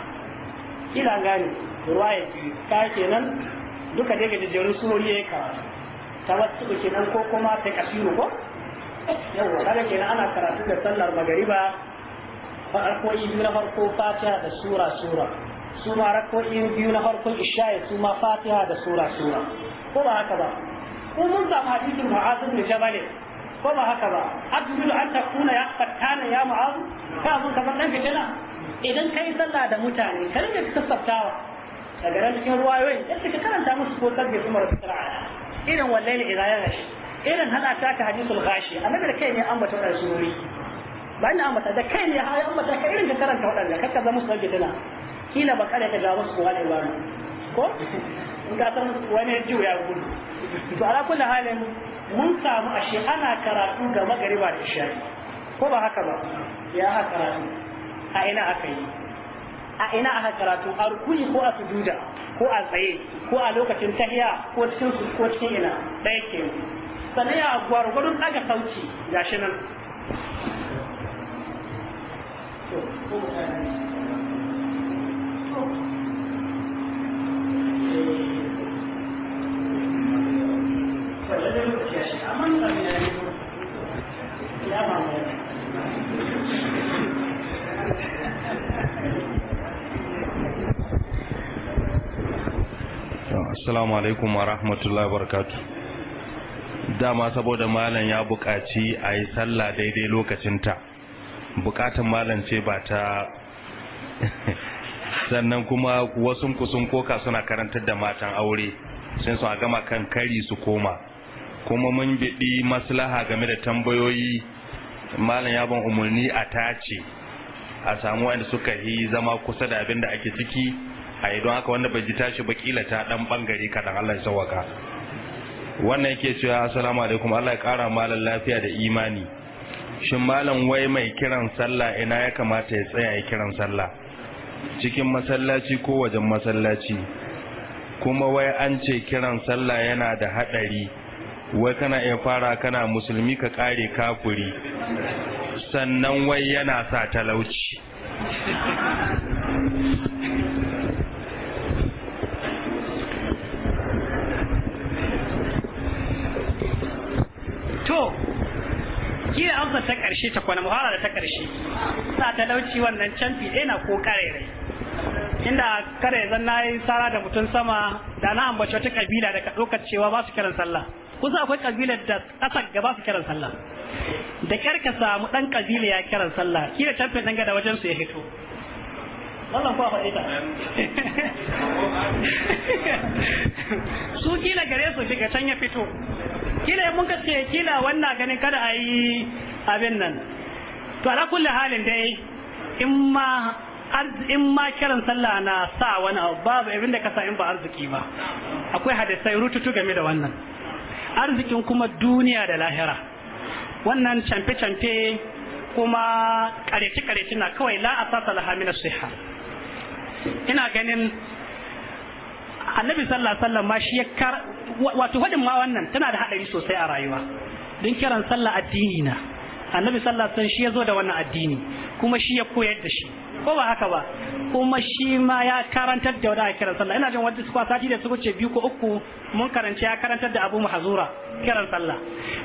Speaker 1: ila gani ruwaya biyu ka kenan duka daga jijjerun surori ya kawo tawassu kenan ko kuma ta kasiru ko yawa kaga kenan ana karatu da sallar magariba rako'i biyu na farko fatiha da sura sura su ma rako'i biyu na farko isha'i su ma fatiha da sura sura ko ba haka ba ko mun samu hadisin mu'azu bin jabal ko ba haka ba abdul an takuna ya fattana ya mu'azu ka mun kamar dan fitina idan kai sallah da mutane kar ne ka sassaftawa, daga ran cikin ruwayoyin da ka karanta musu ko sabbi kuma rabbul alamin irin wallahi idan ya rashi irin hana ta ka hadisul ghashi annabi da kai ne ambata wannan surori ba ina ambata da kai ne ya ambata ka irin ka karanta waɗanda kakka zama su sauke tana kila ba kare ta ga wasu kowa da ibanu ko in ka san wani jiwo ya gudu to ala kulli halin mun samu ashe ana karatu ga magariba da shari. ko ba haka ba ya ha karatu a ina aka yi a ina aka karatu a rukuni ko a sujuda ko a tsaye ko a lokacin tahiya ko cikin ko cikin ina ɗaya ke sannan ya gwargwadon daga sauci ga shi nan
Speaker 3: Assalamu alaikum wa rahmatullahi wa barakatuh. dama saboda malam ya buƙaci a yi sallah daidai lokacinta buƙatan malam ce ba ta sannan kuma wasu kusun koka suna karantar da matan aure sun su a gama kan kari su koma kuma mun biɗi maslaha game da tambayoyi malam ya ban umarni a tace a samu wanda suka yi zama kusa da abin da ake ciki a yi don haka wanda bai ji tashi ba kila ta dan bangare kaɗan allah ya sauwaka wannan yake cewa assalamu alaikum Allah ya kara malan lafiya da imani shin malam wai mai kiran sallah ina ya kamata ya tsaya ya kiran sallah cikin masallaci ko wajen masallaci kuma wai an ce kiran sallah yana da hadari wai kana iya fara kana musulmi ka kare kafuri sannan wai yana sa talauci
Speaker 1: to kila amsa ta karshe ta kwana muhara da ta karshe sa talauci wannan canfi ɗaya na ko rai inda kare zan na sara da mutum sama da na ambaci wata kabila da ka ɗaukar cewa ba su kiran sallah kusa akwai kabila da ƙasar ba su kiran sallah da kyar ka samu ɗan kabila ya kiran sallah kila canfi ɗan da wajen su ya fito wannan kwa faɗe ta su kila gare su shiga can ya fito kila mun ka ce kila wannan ganin kada a yi abin nan to ala kulle halin dai in ma kiran sallah na sa wani abu babu abin da ka sa in ba arziki ba akwai hadisai rututu game da wannan arzikin kuma duniya da lahira wannan camfe-camfe kuma kareci-kareci na kawai la a sasa laha min ina ganin annabi sallallahu alaihi wasallam ma shi ya kar wato hadin ma wannan tana da hadari sosai a rayuwa don kiran sallah addini na annabi sallallahu alaihi wasallam shi ya zo da wannan addini kuma shi ya koyar da shi ko ba haka ba kuma shi ma ya karantar da wani kiran sallah ina jin wanda kuma sati da su ce biyu ko uku mun karanci ya karantar da Abu Mahzura kiran sallah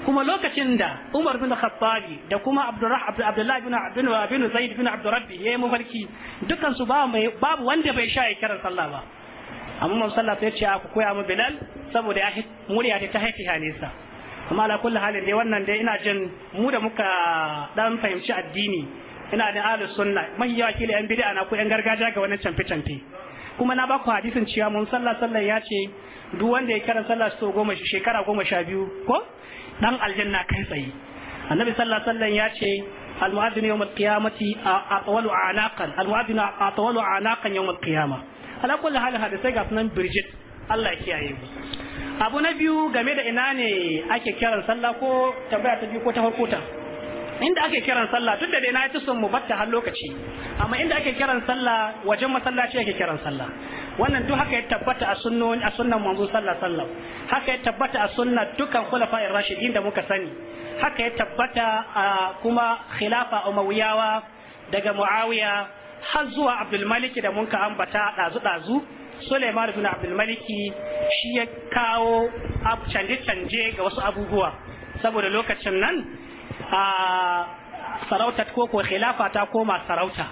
Speaker 1: kuma lokacin da Umar bin Khattabi da kuma Abdurrah Abdullah bin Abdul bin Zaid bin Abdurrabbi yi mafarki dukan su ba mai babu wanda bai sha kiran sallah ba amma sallah sai ce ku koya mu Bilal saboda ya muriya ta haifi hanisa amma ala kulli halin dai wannan dai ina jin mu da muka dan fahimci addini ina da ahlus sunna man yawa kila yan bid'a na ko yan gargajiya ga wannan canfi canfi kuma na baku hadisin cewa mun sallah sallah ya ce duk wanda ya kira sallah so goma shekara goma sha biyu ko dan aljanna kai tsaye annabi sallah sallah ya ce atawalu anaqan القيامة atawalu anaqan المؤذن أطول ala kulli hal hada sai ga sunan سيقى Allah ya kiyaye mu abu na biyu game da ina ne ake kiran sallah ko tambaya ta biyu ko ta farko ta inda ake kiran sallah duk da dai na ci sun mu har lokaci amma inda ake kiran sallah wajen masallaci ake kiran sallah wannan duk haka ya tabbata a sunnon a sunnan manzo sallallahu alaihi haka ya tabbata a sunnat dukkan khulafa'ir rashidin da muka sani haka ya tabbata kuma khilafa umayyawa daga muawiya har zuwa abdul malik da mun ka ambata dazu dazu Suleiman bin Abdul Malik shi ya kawo canje-canje ga wasu abubuwa saboda lokacin nan a sarauta ko ko khilafa ta koma sarauta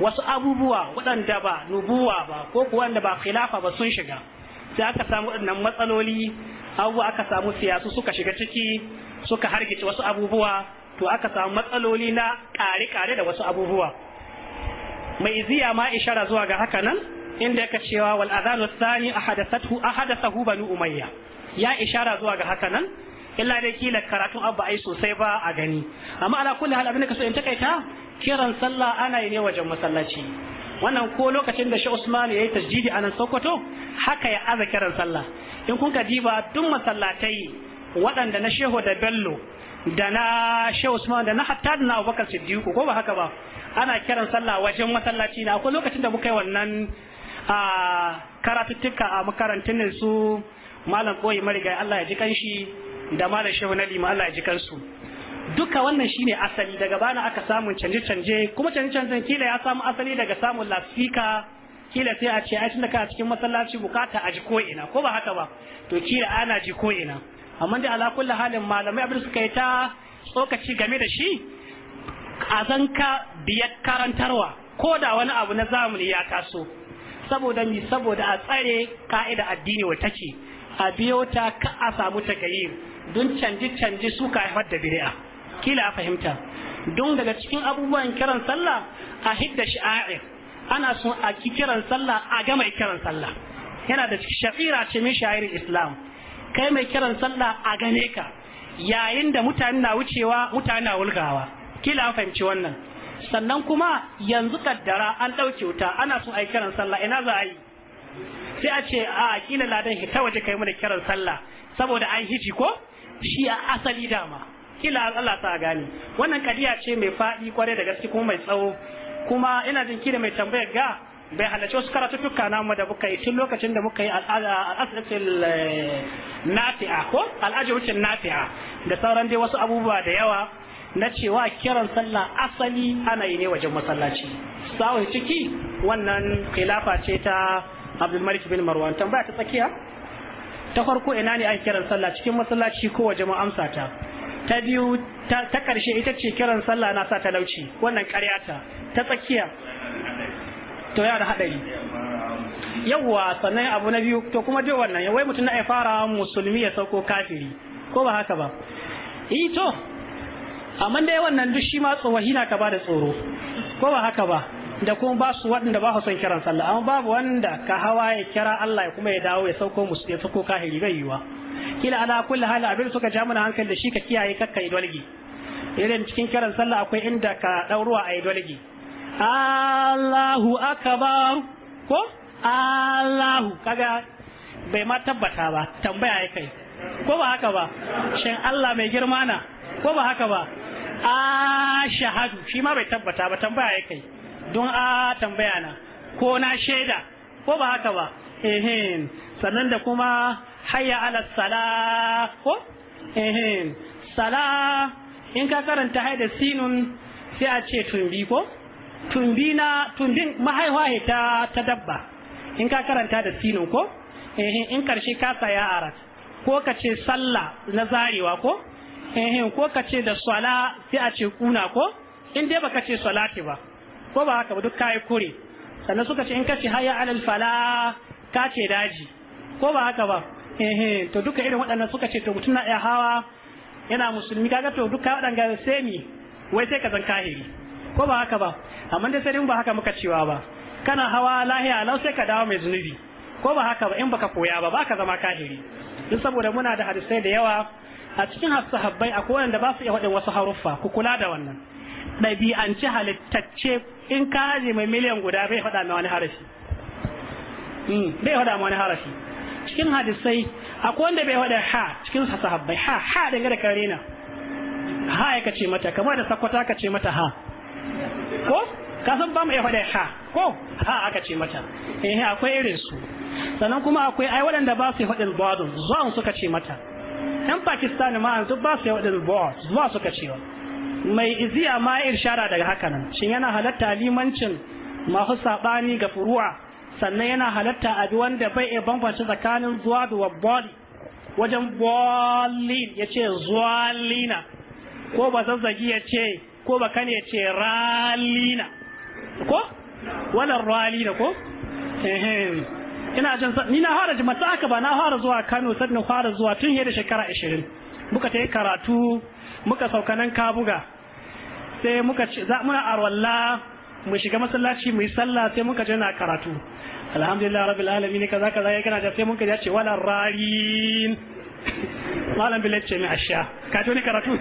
Speaker 1: wasu abubuwa waɗanda ba nubuwa ba ko ko wanda ba khilafa ba sun shiga sai aka samu waɗannan matsaloli abubuwa aka samu siyasu suka shiga ciki suka hargice wasu abubuwa to aka samu matsaloli na ƙare-ƙare da wasu abubuwa mai ziya ma ishara zuwa ga haka nan inda yaka cewa wal azanu thani ahadathu ahadathu banu umayya ya ishara zuwa ga haka nan illa dai kila karatun abba ai sosai ba a gani amma ala kulli hal abin da kaso in takaita kiran sallah ana yi ne wajen masallaci wannan ko lokacin da shi Usman ya yi tasjidi a nan Sokoto haka ya aza kiran sallah in kun ka diba duk masallatai waɗanda na Shehu da Bello da na Shehu Usman da na hatta da na Abubakar Siddiq ko ba haka ba ana kiran sallah wajen masallaci na ko lokacin da muka yi wannan a karatuttuka a makarantun su malam koyi marigai Allah ya ji kanshi da da shehu na lima Allah ya ji kansu duka wannan shine asali daga bana aka samu canje-canje kuma canje canje kila ya samu asali daga samun lafika kila sai a ce ai tunda ka cikin masallaci bukata a ji ko ina ko ba haka ba to kila ana ji ko ina amma dai ala kullu halin malamai abin suka yi ta tsokaci game da shi a zanka biyar karantarwa ko da wani abu na zamani ya taso saboda mi saboda a tsare ka'ida addini wata ce a biyo ta ka a samu takayyir don canji-canji suka haifar da bid'a kila fahimta don daga cikin abubuwan kiran sallah a hidda sha'ir ana son a ki kiran sallah a ga mai kiran sallah yana da shafira ce min sha'irin islam kai mai kiran sallah a gane ka yayin da mutane na wucewa mutane na wulgawa kila fahimci wannan sannan kuma yanzu kaddara an ɗauke wuta ana son a yi kiran sallah ina za a yi sai a ce a kila ladan hita waje kai mana kiran sallah saboda an hiji ko shi a asali dama kila Allah ta gane wannan kadiya ce mai faɗi kwarai da gaske kuma mai tsawo kuma ina jin kira mai tambayar ga bai halarci wasu karatuttuka mu da muka yi tun lokacin da muka yi al'asirin eh, nafi'a ko al'ajirucin nafi'a da sauran dai wasu abubuwa da yawa na cewa kiran sallah asali ana yi ne wajen masallaci sawa ciki wannan khilafa ce ta Abdulmalik bin Marwan tambaya ta tsakiya ta farko ina ne ake kiran sallah cikin masallaci ko waje mu amsa ta ta biyu ta karshe ita ce kiran sallah na sa talauci wannan ƙarya ta ta tsakiya to ya da hadari yawwa sannan abu na biyu to kuma dai wannan wai mutum na ya fara musulmi ya sauko kafiri ko ba haka ba eh to amma dai wannan duk shi ma tsowahi na ka ba da tsoro ko ba haka ba da kuma ba su waɗanda ba su son kiran sallah amma babu wanda ka hawa ya kira Allah ya kuma ya dawo ya sauko musu ya sauko kahiri bai yiwa kila ala kulli hali abin suka ja mana hankali da shi ka kiyaye kakka idolgi irin cikin kiran sallah akwai inda ka ɗauruwa a idolgi Allahu akbar ko Allahu kaga bai ma tabbata ba tambaya ya kai ko ba haka ba shin Allah mai girma na ko ba haka ba a shahadu shi ma bai tabbata ba tambaya ya kai don a tambaya na ko na shaida ko ba haka ba ehin sannan da kuma hayya ala sala ko ehin sala in ka karanta da sinun sai a ce tumbi ko tumbi na tumbin mahaihuwa ta ta dabba in ka karanta da sinun ko ehin in karshe ka saya arat ko ka ce sallah na zarewa ko ehin ko ka ce da sala sai a ce kuna ko in dai baka ce salati ba ko ba haka ba duk kai kure sannan suka ce in kace hayya alal fala ka ce daji ko ba haka ba eh to duka irin waɗannan suka ce to mutum na iya hawa yana musulmi kaga to duka waɗannan sai mi wai sai ka zan kahiri ko ba haka ba amma dai sai ba haka muka cewa ba kana hawa lahiya lau sai ka dawo mai zunubi ko ba haka ba in baka koya ba baka zama kahiri duk saboda muna da hadisai da yawa a cikin sahabbai akwai wanda ba su iya waɗin wasu haruffa ku kula da wannan ɗabi'anci halittacce in ka mai miliyan guda bai faɗa mai wani harafi hmm, bai faɗa mai wani harafi cikin hadisai akwai wanda bai faɗa ha cikin sahabbai ha ha daga da karena ha ya kace mata kamar da sakwata ka ce mata ha ko ka san ba mu faɗa ha ko ha aka ce mata eh akwai irin su sannan kuma akwai ai waɗanda ba su yi faɗin bodin zuwa suka ce mata yan pakistan ma yanzu ba su yi faɗin bawa zuwa suka ce wa mai iziya ma irshara daga haka nan shin yana halatta limancin masu sabani ga furuwa sannan yana halatta abi wanda bai iya bambance tsakanin zuwa da wabbali wajen bolin ya ce zuwalina ko ba zazzagi ya ce ko ba kan ya ce ralina ko wala ralina ko ina jin ni na fara jima ta aka ba na fara zuwa Kano sannan fara zuwa tun da shekara 20 muka ta yi karatu muka sauka nan kabuga sai muka ce za muna arwalla mu shiga masallaci mu yi sallah sai muka je na karatu alhamdulillah rabbil alamin kaza kaza yake kana sai muka ya ce wala rarin malam bilal ce mai asha ka ne karatu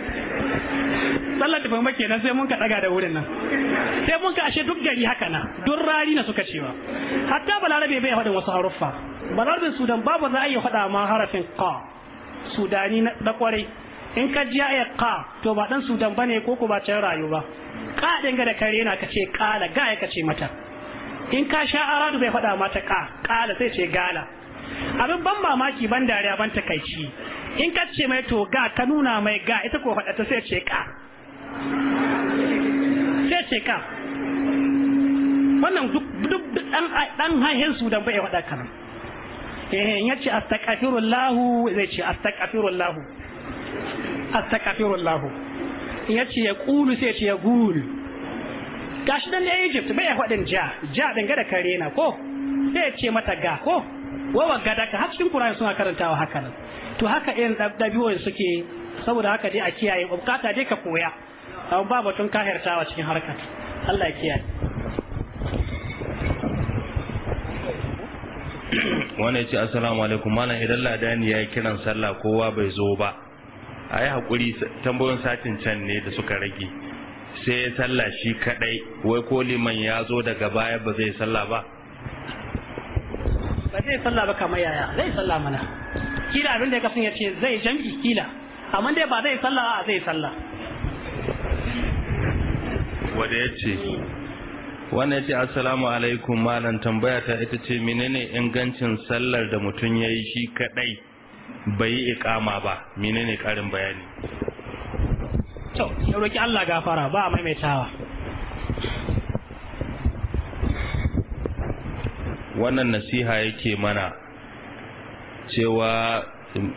Speaker 1: sallar da fama kenan sai mun ka daga da wurin nan sai mun ka ashe duk gari haka na duk rari na suka cewa hatta balarabe bai faɗin wasu haruffa balarabin sudan babu za a yi faɗa ma harafin ka sudani na kwarai in ka ji ayat ka to ba dan sudan bane ko ko ba can rayu ba ka din ga da kare yana kace kala ga ya kace mata in ka sha aradu bai faɗa mata ka kala sai ce gala abin ban mamaki ban dariya ban takaici in ka ce mai to ga ka nuna mai ga ita ko faɗa ta sai ce ka sai ce ka wannan duk duk dan dan su sudan bai faɗa kana eh in yace astaghfirullah zai ce astaghfirullah astaghfirullah yace ya kulu sai yace ya gul gashi dan Egypt bai ya fadin ja ja dan gada kare na ko sai yace mata ga ko wawa gada ka hakkin Qur'ani suna karantawa haka nan to haka irin dabi'o'in suke saboda haka dai a kiyaye bukata dai ka koya amma ba batun kahirtawa cikin harkar Allah ya kiyaye
Speaker 3: wannan ya ce assalamu alaikum malam idan ladani ya yi kiran sallah kowa bai zo ba a yi haƙuri tambayoyin satin can ne da suka rage sai ya sallah shi kaɗai wai ko liman ya zo daga baya ba zai sallah ba
Speaker 1: ba zai sallah ba kamar yaya zai sallah mana kila abin da ya kasan ya ce zai jam'i kila amma dai ba zai sallah ba zai sallah
Speaker 3: wanda ya ce wanda ya ce assalamu alaikum malam tambaya ta ita ce menene ingancin sallar da mutum ya yi shi kaɗai bai yi iƙama ba menene karin bayani
Speaker 1: to ya roki Allah gafara ba maimaitawa
Speaker 3: wannan nasiha yake mana cewa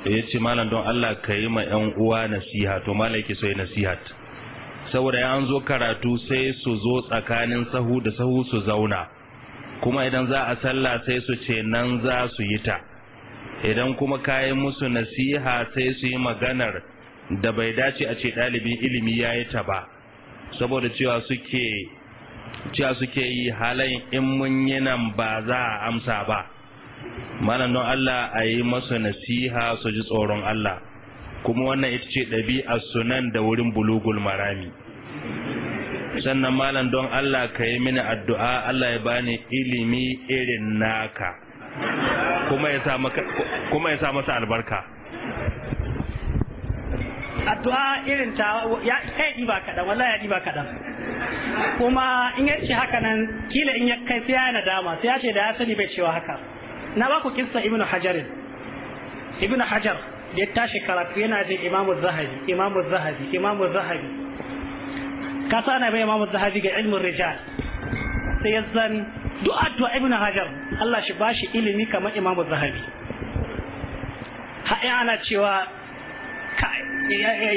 Speaker 3: ya ce malam don Allah ka yi ma 'yan uwa nasiha to malam yake so yi nasiha saboda ya an zo karatu sai su zo tsakanin sahu da sahu su zauna kuma idan za a sallah sai su ce nan za su yi ta idan kuma kayan musu nasiha sai su yi maganar da bai dace a ce ɗalibin ilimi ya yi ta ba saboda cewa suke yi halayen in mun yi nan ba za a amsa ba malam don Allah a yi masu nasiha su ji tsoron Allah kuma wannan ita ce ɗabi'a sunan da wurin bulugul marami sannan malam don Allah ka yi mini addu'a Allah ya bani ilimi irin naka kuma ya sa maka kuma ya sa masa albarka
Speaker 1: addu'a irin ta ya kai ba kadan wallahi ya ba kadan kuma in ya ce haka nan kila in ya kai sai ya nadama sai ya ce da ya sani bai cewa haka na ba ku kissa ibnu hajar ibnu hajar da ya tashi karatu yana jin imamu zahabi imamu zahabi imamu zahabi ka na bai imamu zahabi ga ilmin rijal sai ya zan duk addu'a ibn hajar Allah shi bashi ilimi kamar imamu zahabi ha'i ana cewa kai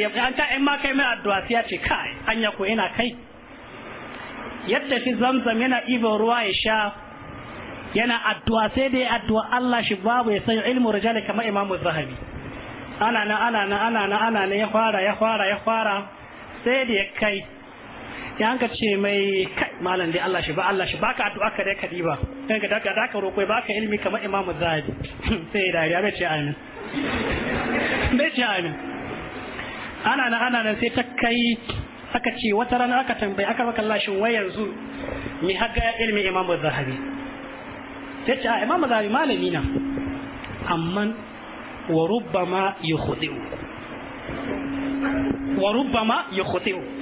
Speaker 1: an ta in ma kai mai addu'a sai ya ce kai anya ko yana kai yadda shi zamzam yana ibo ruwa ya sha yana addu'a sai dai addu'a Allah shi babu ya san ilmu rijali kamar imamu zahabi ana na ana na ana na ana na ya fara ya fara ya fara sai da ya kai yan ka ce mai kai malam dai Allah shi ba Allah shi baka addu'a ka dai ka diba kai ka daga da ka roƙo baka ilimi kamar Imam Zahabi sai da ya ce amin bai ce amin ana nan ana nan sai ta kai aka ce wata rana aka tambayi aka maka lashin wai yanzu mi haga ilimi Imam Zahabi sai ce Imam Zahabi malami na amma wa rubbama yukhdi'u wa rubbama yukhdi'u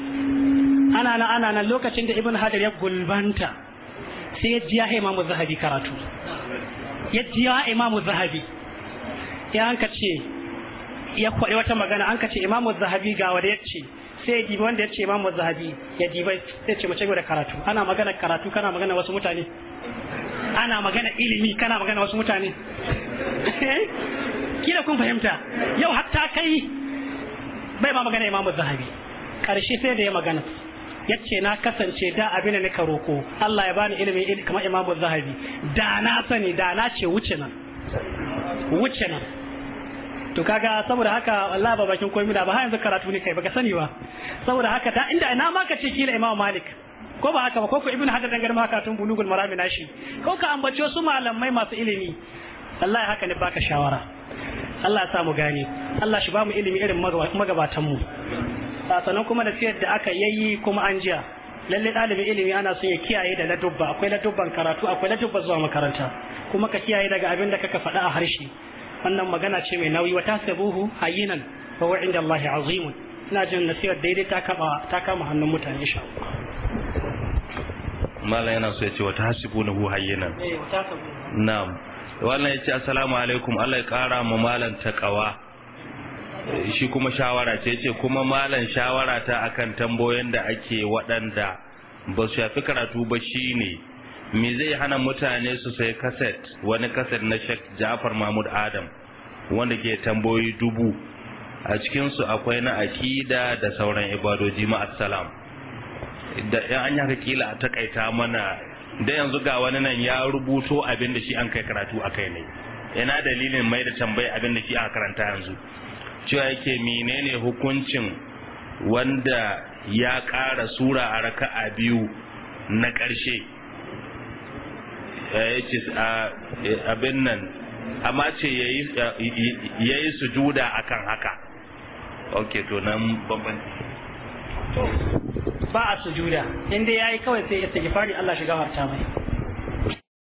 Speaker 1: ana nan ana nan lokacin da ibn hajar ya gulbanta sai ya jiya imamu zahabi karatu ya jiya imamu zahabi ya an ka ce ya kwaɗe wata magana an ka ce imamu zahabi ga wanda ya ce sai ya dibi wanda ya ce imamu zahabi ya dibi sai ce mace da karatu ana magana karatu kana magana wasu mutane ana magana ilimi kana magana wasu mutane kila kun fahimta yau hatta kai bai ma magana imamu zahabi karshe sai da ya magana yace na kasance da abin da nika roko Allah ya bani ilimi kamar Imam Zahabi da na sani da na ce wuce nan wuce nan to kaga saboda haka Allah ba bakin komai da ba har yanzu karatu ne kai baka sani ba saboda haka da inda ina ma kace kila Imam Malik ko ba haka ba ko ku Ibn Hajar dan garma haka tun bulugul marami nashi ko ka ambace su malamai masu ilimi Allah ya haka ne baka shawara Allah ya sa mu gane Allah shi ba mu ilimi irin magabatan mu. sannan kuma da nasihar da aka yayi kuma an jiya lalle ɗalibin ilimi ana son ya kiyaye da ladubba akwai ladubban karatu akwai ladubban zuwa makaranta kuma ka kiyaye daga abin da kaka faɗa a harshe wannan magana ce mai nauyi wa tasabuhu hayinan fa wa inda Allah azimun ina jin nasiyar daidai ta kama hannun mutane insha
Speaker 3: Allah yana so ya ce wa tahsibunahu na
Speaker 1: eh wa tasabuhu
Speaker 3: na'am wannan yace assalamu alaikum Allah ya kara mu malan taqwa shi kuma shawara ce ce kuma malan shawara ta akan tambayoyin da ake waɗanda ba su shafi karatu ba shi ne me zai hana mutane su sai kaset wani kaset na shek jafar mahmud adam wanda ke tambayoyi dubu a cikinsu akwai na akida da sauran ibadoji ma'asalam da yan an yaka kila a takaita mana da yanzu ga wani nan ya rubuto abin da shi an kai karatu a kai ne ina dalilin mai da tambayi abin da shi aka karanta yanzu cewa yake menene hukuncin wanda ya ƙara sura a raka'a biyu na ƙarshe eh, ya ce abin nan amma ce ya yi sujuda akan haka ok to nan bambanci
Speaker 1: ba a sujuda inda ya yi kawai sai ya tafi fari Allah shiga harta mai